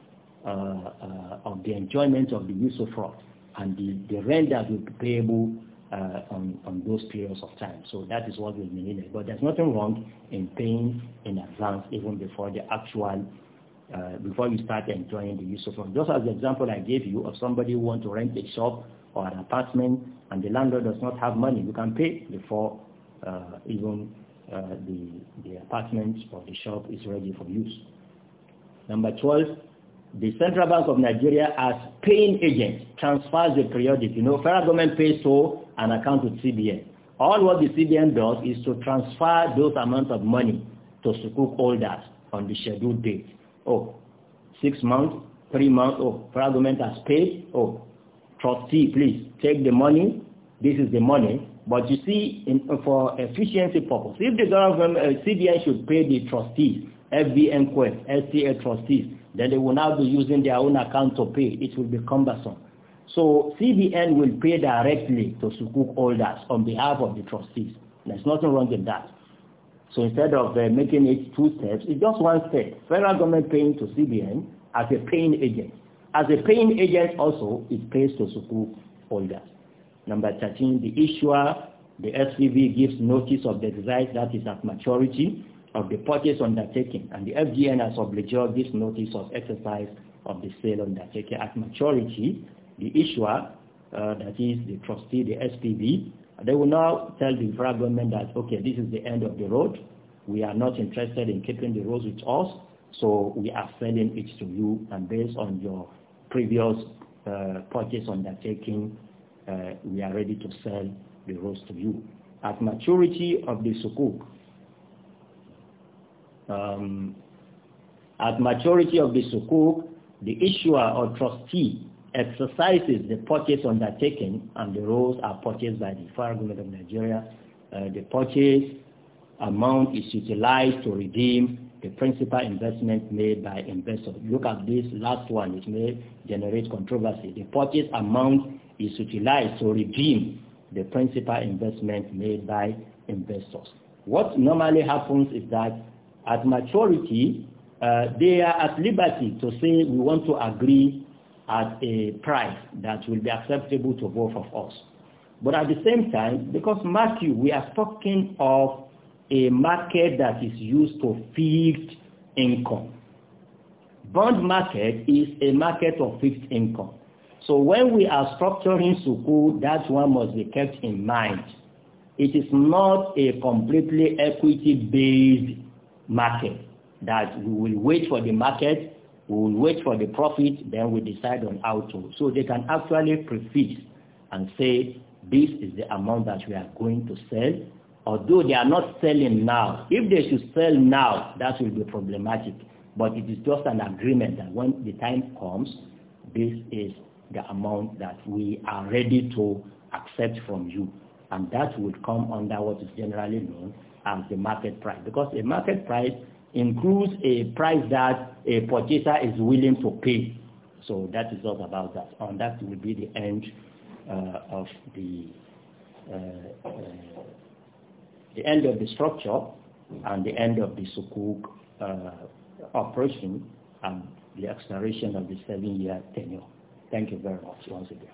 uh, uh, of the enjoyment of the use of fraud and the, the rent that will be payable uh, on, on those periods of time. So that is what will be needed. But there's nothing wrong in paying in advance even before the actual uh, before you start enjoying the use of it. Just as the example I gave you of somebody who wants to rent a shop or an apartment and the landlord does not have money, you can pay before uh, even uh, the, the apartment or the shop is ready for use. Number 12, the Central Bank of Nigeria as paying agent transfers the periodic. You know, federal government pays so an account with CBN. All what the CBN does is to transfer those amounts of money to sukuk holders on the scheduled date. Oh, six months, three months, oh, fragment has paid, oh, trustee, please take the money, this is the money. But you see, in, for efficiency purpose, if the government, uh, CBN should pay the trustees, FBN Quest, SCA trustees, then they will now be using their own account to pay. It will be cumbersome. So CBN will pay directly to Sukuk holders on behalf of the trustees. There's nothing wrong in that. So instead of uh, making it two steps, it's just one step. Federal government paying to CBN as a paying agent. As a paying agent also, it pays to Sukuk holders. Number 13, the issuer, the SPV gives notice of the exercise that is at maturity of the purchase undertaking, and the FGN has obligor this notice of exercise of the sale undertaking at maturity the issuer, uh, that is the trustee, the SPV, they will now tell the federal government that, okay, this is the end of the road. We are not interested in keeping the roads with us, so we are selling it to you. And based on your previous uh, purchase undertaking, uh, we are ready to sell the roads to you. At maturity of the sukuk, um, at maturity of the sukuk, the issuer or trustee exercises the purchase undertaken and the roles are purchased by the federal government of Nigeria. Uh, the purchase amount is utilized to redeem the principal investment made by investors. Look at this last one, it may generate controversy. The purchase amount is utilized to redeem the principal investment made by investors. What normally happens is that at maturity, uh, they are at liberty to say we want to agree at a price that will be acceptable to both of us. But at the same time, because Matthew, we are talking of a market that is used for fixed income. Bond market is a market of fixed income. So when we are structuring Sukuk, that one must be kept in mind. It is not a completely equity-based market that we will wait for the market We will wait for the profit, then we decide on how to. So they can actually prefix and say, this is the amount that we are going to sell. Although they are not selling now, if they should sell now, that will be problematic. But it is just an agreement that when the time comes, this is the amount that we are ready to accept from you. And that would come under what is generally known as the market price. Because the market price includes a price that a purchaser is willing to pay. So that is all about that. And that will be the end uh, of the uh, uh, the end of the structure and the end of the Sukuk uh, operation and the expiration of the seven-year tenure. Thank you very much once again.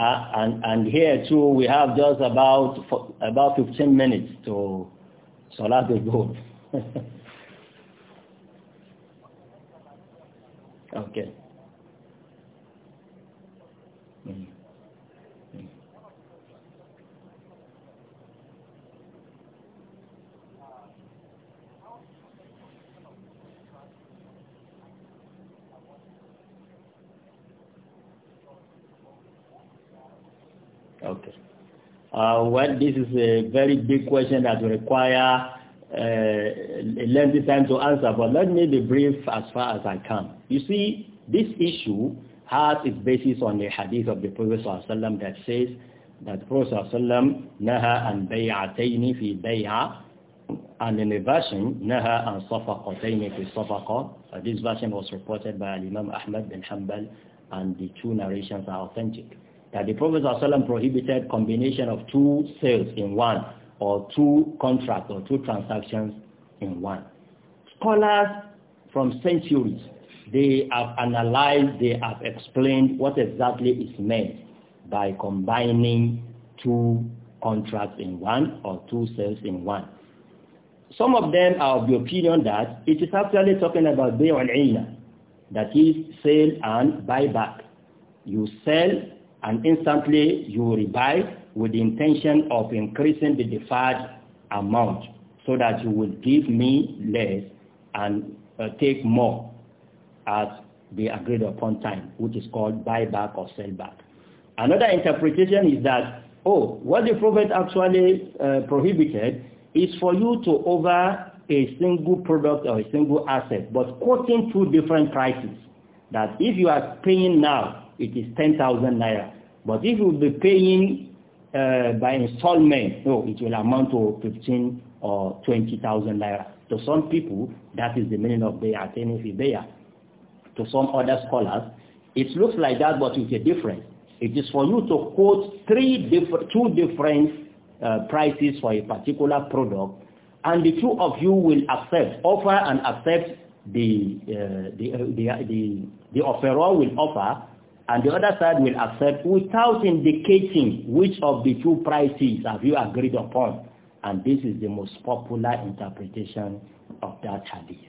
Uh, and, and here too, we have just about about 15 minutes to so that is good okay. Uh, well, this is a very big question that will require uh, a lengthy time to answer, but let me be brief as far as I can. You see, this issue has its basis on the hadith of the Prophet ﷺ that says that Prophet ﷺ naha an bay'atayn fi bay'a and in the version naha an safaqatayn fi safaqa. Uh, this version was reported by Imam Ahmad bin Hanbal and the two narrations are authentic that the Prophet ﷺ prohibited combination of two sales in one or two contracts or two transactions in one. Scholars from centuries, they have analyzed, they have explained what exactly is meant by combining two contracts in one or two sales in one. Some of them are of the opinion that it is actually talking about bay al that is sale and buyback. You sell and instantly you buy with the intention of increasing the deferred amount so that you will give me less and uh, take more as the agreed upon time, which is called buyback or sellback. Another interpretation is that, oh, what the Prophet actually uh, prohibited is for you to over a single product or a single asset, but quoting two different prices. That if you are paying now it is 10,000 naira. But if you be paying uh, by installment, no, it will amount to 15 or 20,000 naira. To some people, that is the meaning of their are paying To some other scholars, it looks like that, but with a difference. It is for you to quote three diff two different uh, prices for a particular product, and the two of you will accept, offer and accept the uh, the, uh, the the the offeror will offer and the other side will accept without indicating which of the two prices have you agreed upon. And this is the most popular interpretation of that hadith.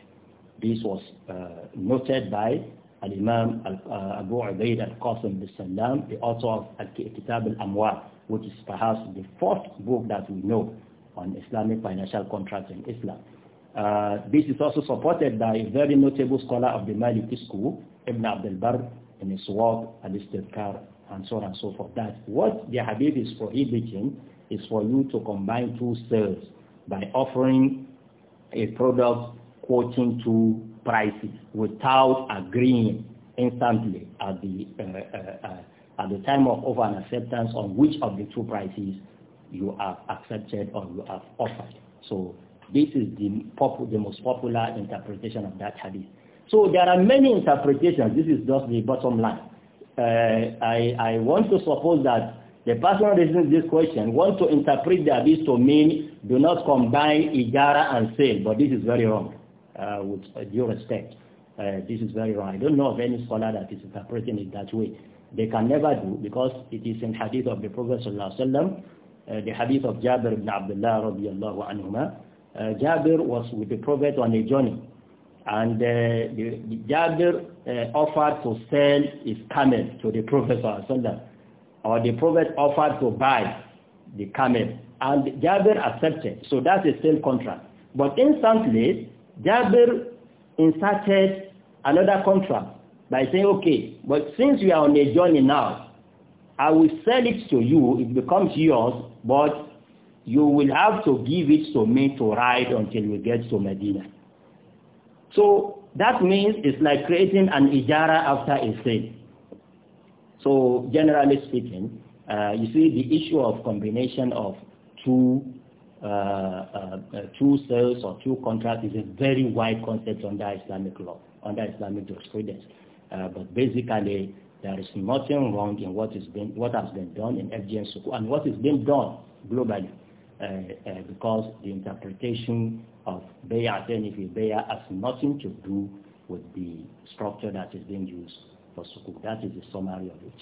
This was uh, noted by Al-Imam uh, Abu Ubaid al-Qasim bin the author of Al-Kitab al-Amwal, which is perhaps the first book that we know on Islamic financial contracts in Islam. Uh, this is also supported by a very notable scholar of the Maliki school, Ibn Abdul Barr in his a listed car, and so on and so forth. That what the hadith is prohibiting is for you to combine two sales by offering a product quoting two prices without agreeing instantly at the uh, uh, uh, at the time of offer and acceptance on which of the two prices you have accepted or you have offered. So this is the, pop the most popular interpretation of that hadith. So there are many interpretations. This is just the bottom line. Uh, I, I want to suppose that the person raising this question want to interpret the hadith to mean do not combine ijara and sale, but this is very wrong, uh, with due respect. Uh, this is very wrong. I don't know of any scholar that is interpreting it that way. They can never do because it is in hadith of the Prophet sallallahu uh, the hadith of Jabir ibn Abdullah radiallahu anhuma. Uh, Jabir was with the Prophet on a journey and uh, the, the Jabir uh, offered to sell his camel to the Prophet or the Prophet offered to buy the camel and Jabir accepted so that's a sale contract but instantly Jabir inserted another contract by saying okay but since we are on a journey now I will sell it to you it becomes yours but you will have to give it to me to ride until we get to Medina so that means it's like creating an ijara after a sale. So generally speaking, uh, you see the issue of combination of two uh, uh, uh two sales or two contracts is a very wide concept under Islamic law, under Islamic jurisprudence. Uh, but basically, there is nothing wrong in what is being what has been done in FGN and what is being done globally because the interpretation of bay'at benefit bay'at has nothing to do with the structure that is being used for sukuk. That is the summary of it.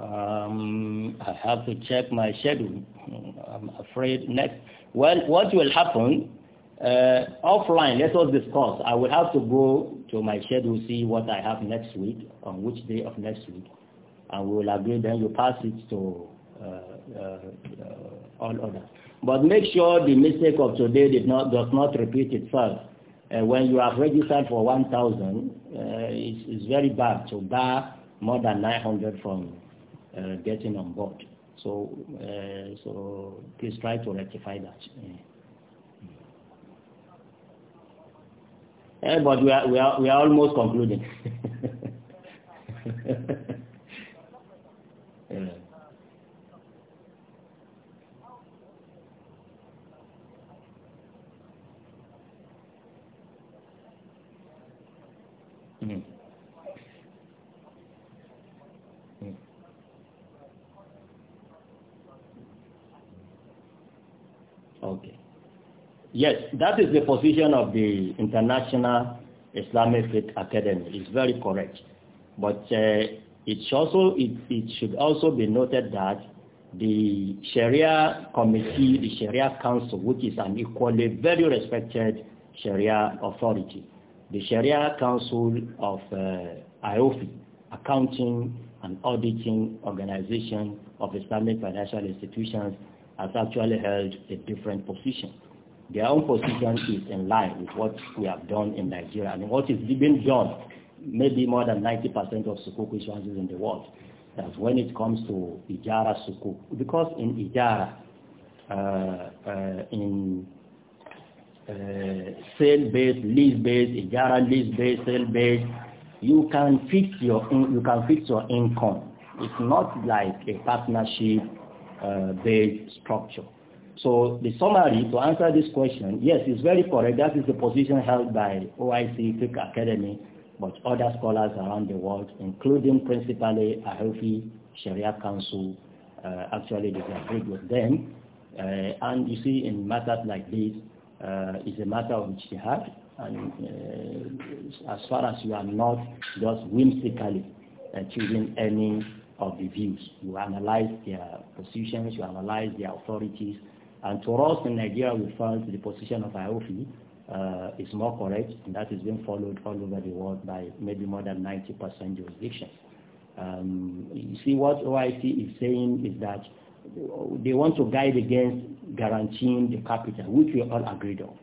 Um, I have to check my schedule. I'm afraid next. Well, what will happen uh, offline, let us discuss. I will have to go to my schedule, see what I have next week, on which day of next week, and we will agree. Then you pass it to uh, uh, all others. But make sure the mistake of today did not, does not repeat itself. Uh, when you have registered for 1,000, uh, it's, it's, very bad to bar more than 900 from uh, getting on board. So, so please try to rectify that. Mm. Yeah, but we are, we, are, we are almost concluding. yeah. That is the position of the International Islamic Faith Academy. It's very correct. But uh, it, also, it, it should also be noted that the Sharia Committee, the Sharia Council, which is an equally very respected Sharia authority, the Sharia Council of uh, IOFI, Accounting and Auditing Organization of Islamic Financial Institutions, has actually held a different position their own position is in line with what we have done in Nigeria and what is being done, maybe more than 90% of Sukuk issuances in the world. That's when it comes to Ijara Sukuk. Because in Ijara, uh, uh, in uh, sale-based, lease-based, Ijara lease-based, sale-based, you can fix your you can fix your income. It's not like a partnership-based uh, structure. So the summary to answer this question, yes, it's very correct. That is the position held by OIC Fiqh Academy, but other scholars around the world, including principally Ahufi Sharia Council, uh, actually disagreed with them. Uh, and you see, in matters like this, uh, it's a matter of which have. And uh, as far as you are not just whimsically choosing any of the views, you analyze their positions, you analyze their authorities, and to us in Nigeria, we felt the position of IOFI uh, is more correct, and that is being followed all over the world by maybe more than 90% jurisdictions. Um, you see, what OIC is saying is that they want to guide against guaranteeing the capital, which we all agreed on.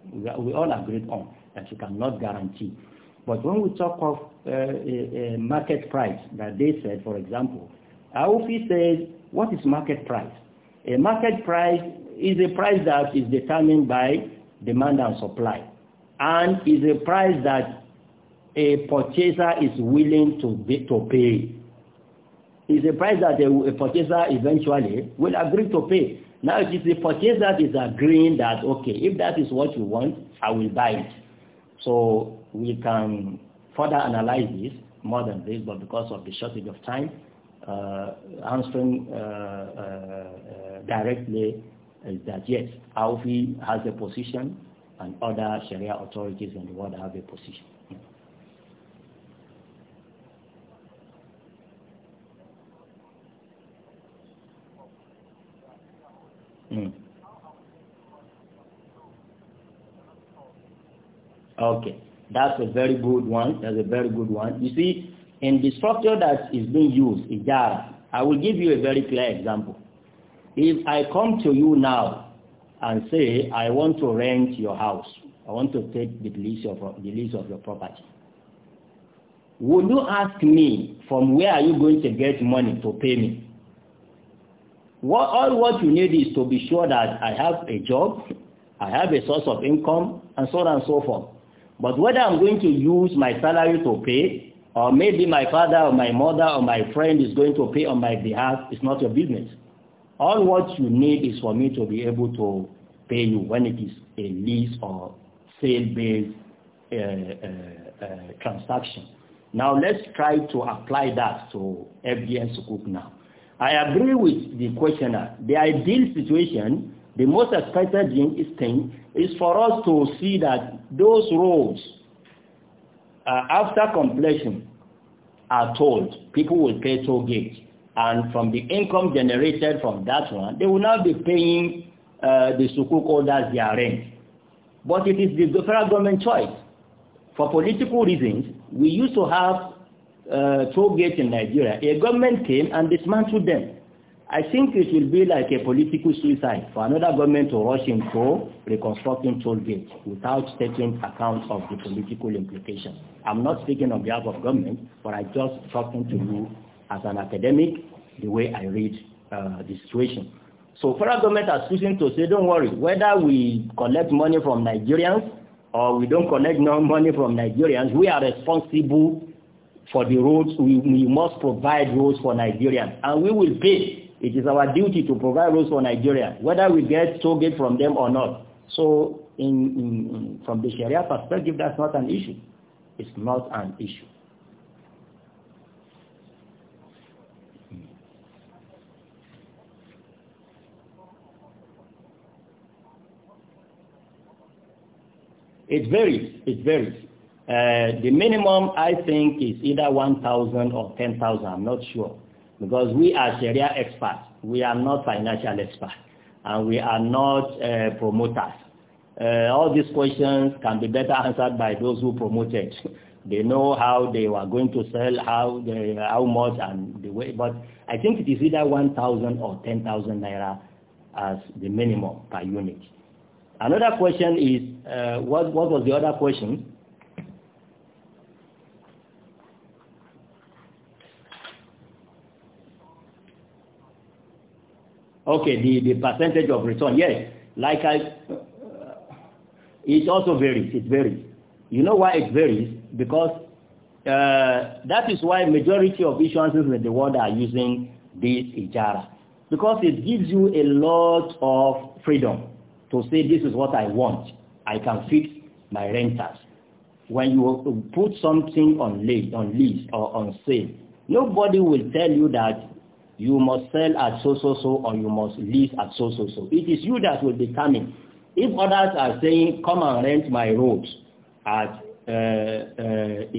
We all agreed on that you cannot guarantee. But when we talk of uh, a, a market price that they said, for example, AOFI says, what is market price? A market price is a price that is determined by demand and supply and is a price that a purchaser is willing to be, to pay. Is a price that a, a, purchaser eventually will agree to pay. Now it is the purchaser that is agreeing that okay, if that is what you want, I will buy it. So we can further analyze this more than this, but because of the shortage of time, uh, answering uh, uh, uh, directly is that yes, Alfi has a position and other Sharia authorities in the world have a position. Mm. Okay, that's a very good one. That's a very good one. You see, in the structure that is being used, Ijara, I will give you a very clear example. If I come to you now and say, I want to rent your house, I want to take the lease of, the lease of your property, would you ask me from where are you going to get money to pay me? What, all what you need is to be sure that I have a job, I have a source of income, and so on and so forth. But whether I'm going to use my salary to pay, or maybe my father or my mother or my friend is going to pay on my behalf, is not your business. All what you need is for me to be able to pay you when it is a lease or sale-based uh, uh, uh, transaction. Now let's try to apply that to FDN Sukuk now. I agree with the questioner. The ideal situation, the most expected thing is for us to see that those roads uh, after completion are told people will pay toll gate and from the income generated from that one, they will now be paying uh, the sukuk holders their rent. But it is the federal government choice. For political reasons, we used to have uh, toll gates in Nigeria. A government came and dismantled them. I think it will be like a political suicide for another government to rush into reconstructing toll gates without taking account of the political implications. I'm not speaking on behalf of government, but I'm just talking to you as an academic, the way I read uh, the situation. So federal government has chosen to say, don't worry, whether we collect money from Nigerians or we don't collect no money from Nigerians, we are responsible for the roads. We, we must provide roads for Nigerians, and we will pay. It is our duty to provide roads for Nigerians, whether we get target from them or not. So in, in, from the Sharia perspective, that's not an issue. It's not an issue. It varies. It varies. Uh, the minimum, I think, is either 1,000 or 10,000. I'm not sure. Because we are Sharia experts. We are not financial experts. And we are not uh, promoters. Uh, all these questions can be better answered by those who promoted. they know how they were going to sell, how they, how much, and the way. But I think it is either 1,000 or 10,000 naira as the minimum per unit. Another question is, uh, what, what was the other question? Okay, the, the percentage of return. Yes, like I, uh, it also varies, it varies. You know why it varies? Because uh, that is why majority of issuances in the world are using this Ijara. Because it gives you a lot of freedom to say this is what I want. I can fix my renters. When you put something on lease, on lease or on sale, nobody will tell you that you must sell at so so so or you must lease at so so so. It is you that will be coming. If others are saying, come and rent my roads at 11.6%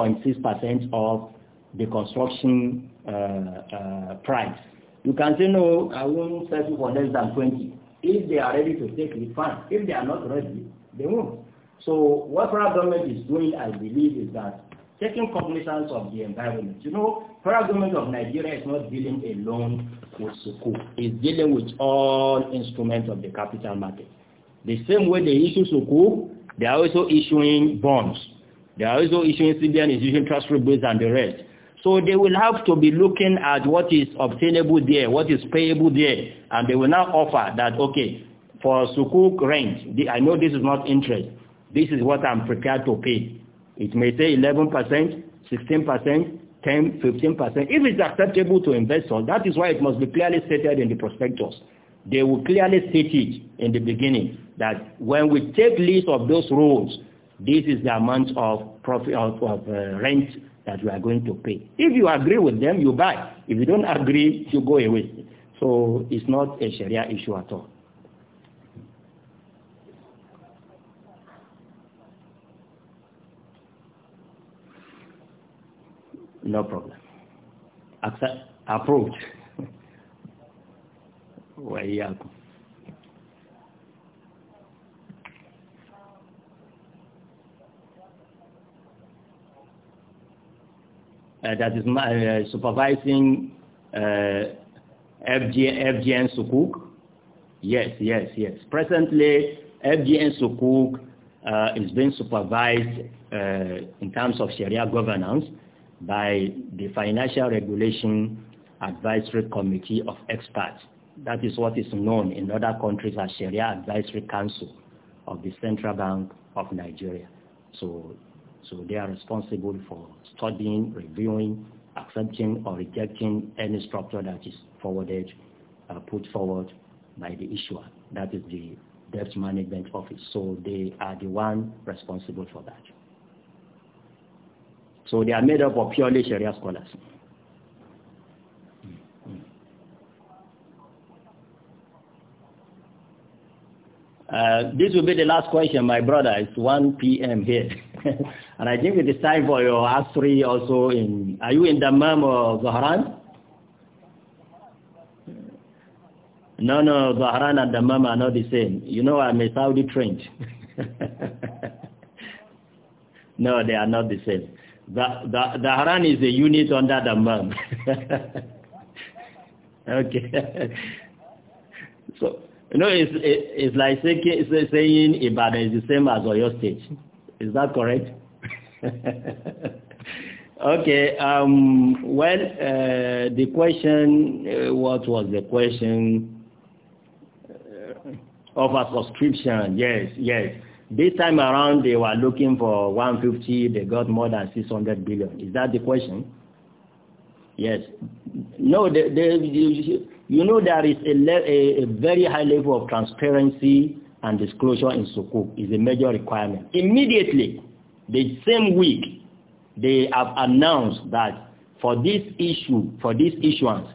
uh, uh, of the construction uh, uh, price, you can say, no, I won't for less than 20. If they are ready to take it, fine. If they are not ready, they won't. So what federal government is doing, I believe, is that taking cognizance of the environment. You know, federal government of Nigeria is not dealing alone with Sukuk. It's dealing with all instruments of the capital market. The same way they issue Sukuk, they are also issuing bonds. They are also issuing CBN, issuing trust bills and the rest. So they will have to be looking at what is obtainable there, what is payable there, and they will now offer that, okay, for sukuk rent, I know this is not interest, this is what I'm prepared to pay. It may say 11%, 16%, 10, 15%. If it's acceptable to investors, that is why it must be clearly stated in the prospectus. They will clearly state it in the beginning that when we take list of those roads, this is the amount of profit of, of uh, rent that you are going to pay. If you agree with them, you buy. If you don't agree, you go away. So it's not a Sharia issue at all. No problem. Accept, approved. وإياكم Uh, that is uh, supervising uh, FG, FGN Sukuk. Yes, yes, yes. Presently, FGN Sukuk uh, is being supervised uh, in terms of Sharia governance by the Financial Regulation Advisory Committee of Experts. That is what is known in other countries as Sharia Advisory Council of the Central Bank of Nigeria. So so they are responsible for studying, reviewing, accepting or rejecting any structure that is forwarded, uh, put forward by the issuer. That is the debt management office. So they are the one responsible for that. So they are made up of purely Sharia scholars. Uh, this will be the last question, my brother. It's 1 p.m. here. and I think it is time for your Asri also in, are you in Dammam or Zahran? No, no, Zahran and Dammam are not the same. You know I'm a Saudi trained. no, they are not the same. The, the, Dahran is a unit under Dammam. okay. so, you know, it's, it, it's like saying Ibadan is the same as Oyo State. Is that correct? okay. Um, well, uh, the question, uh, what was the question? Uh, of a subscription, yes, yes. This time around, they were looking for 150. They got more than 600 billion. Is that the question? Yes. No, you, you know there is a, a, a very high level of transparency and disclosure in Sukuk is a major requirement. Immediately, the same week, they have announced that for this issue, for this issuance,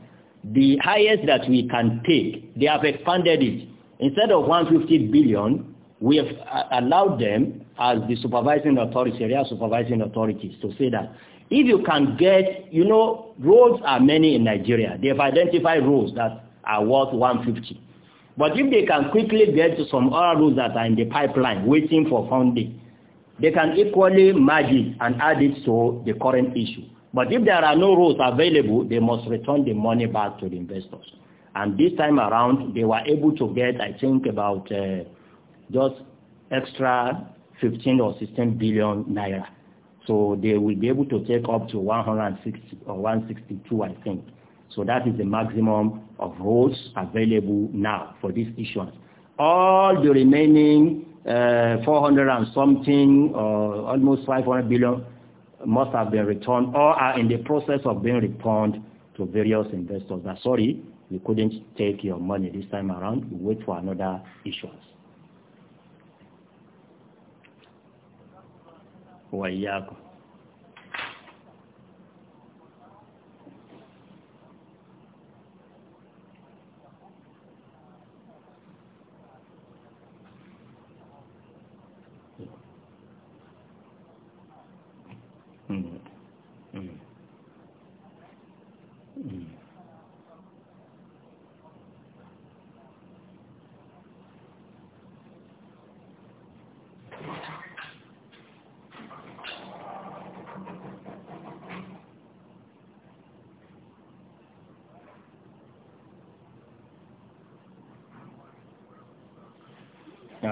the highest that we can take, they have expanded it. Instead of 150 billion, we have uh, allowed them as the supervising authority, area supervising authorities to say that if you can get, you know, roads are many in Nigeria. They've identified roads that are worth 150. But if they can quickly get some other roads that are in the pipeline waiting for funding, they can equally merge it and add it to the current issue. But if there are no roads available, they must return the money back to the investors. And this time around, they were able to get, I think, about uh, just extra 15 or 16 billion naira. So they will be able to take up to 160 or 162, I think, So that is the maximum of votes available now for this issuance. All the remaining uh, 400 and something, uh, almost 500 billion must have been returned or are in the process of being returned to various investors. sorry, you couldn't take your money this time around. You wait for another issuance.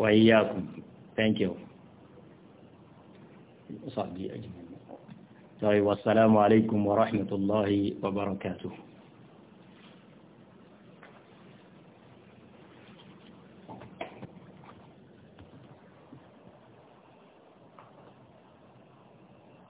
وإياكم thank you أصحابي طيب، أجمعين والسلام عليكم ورحمة الله وبركاته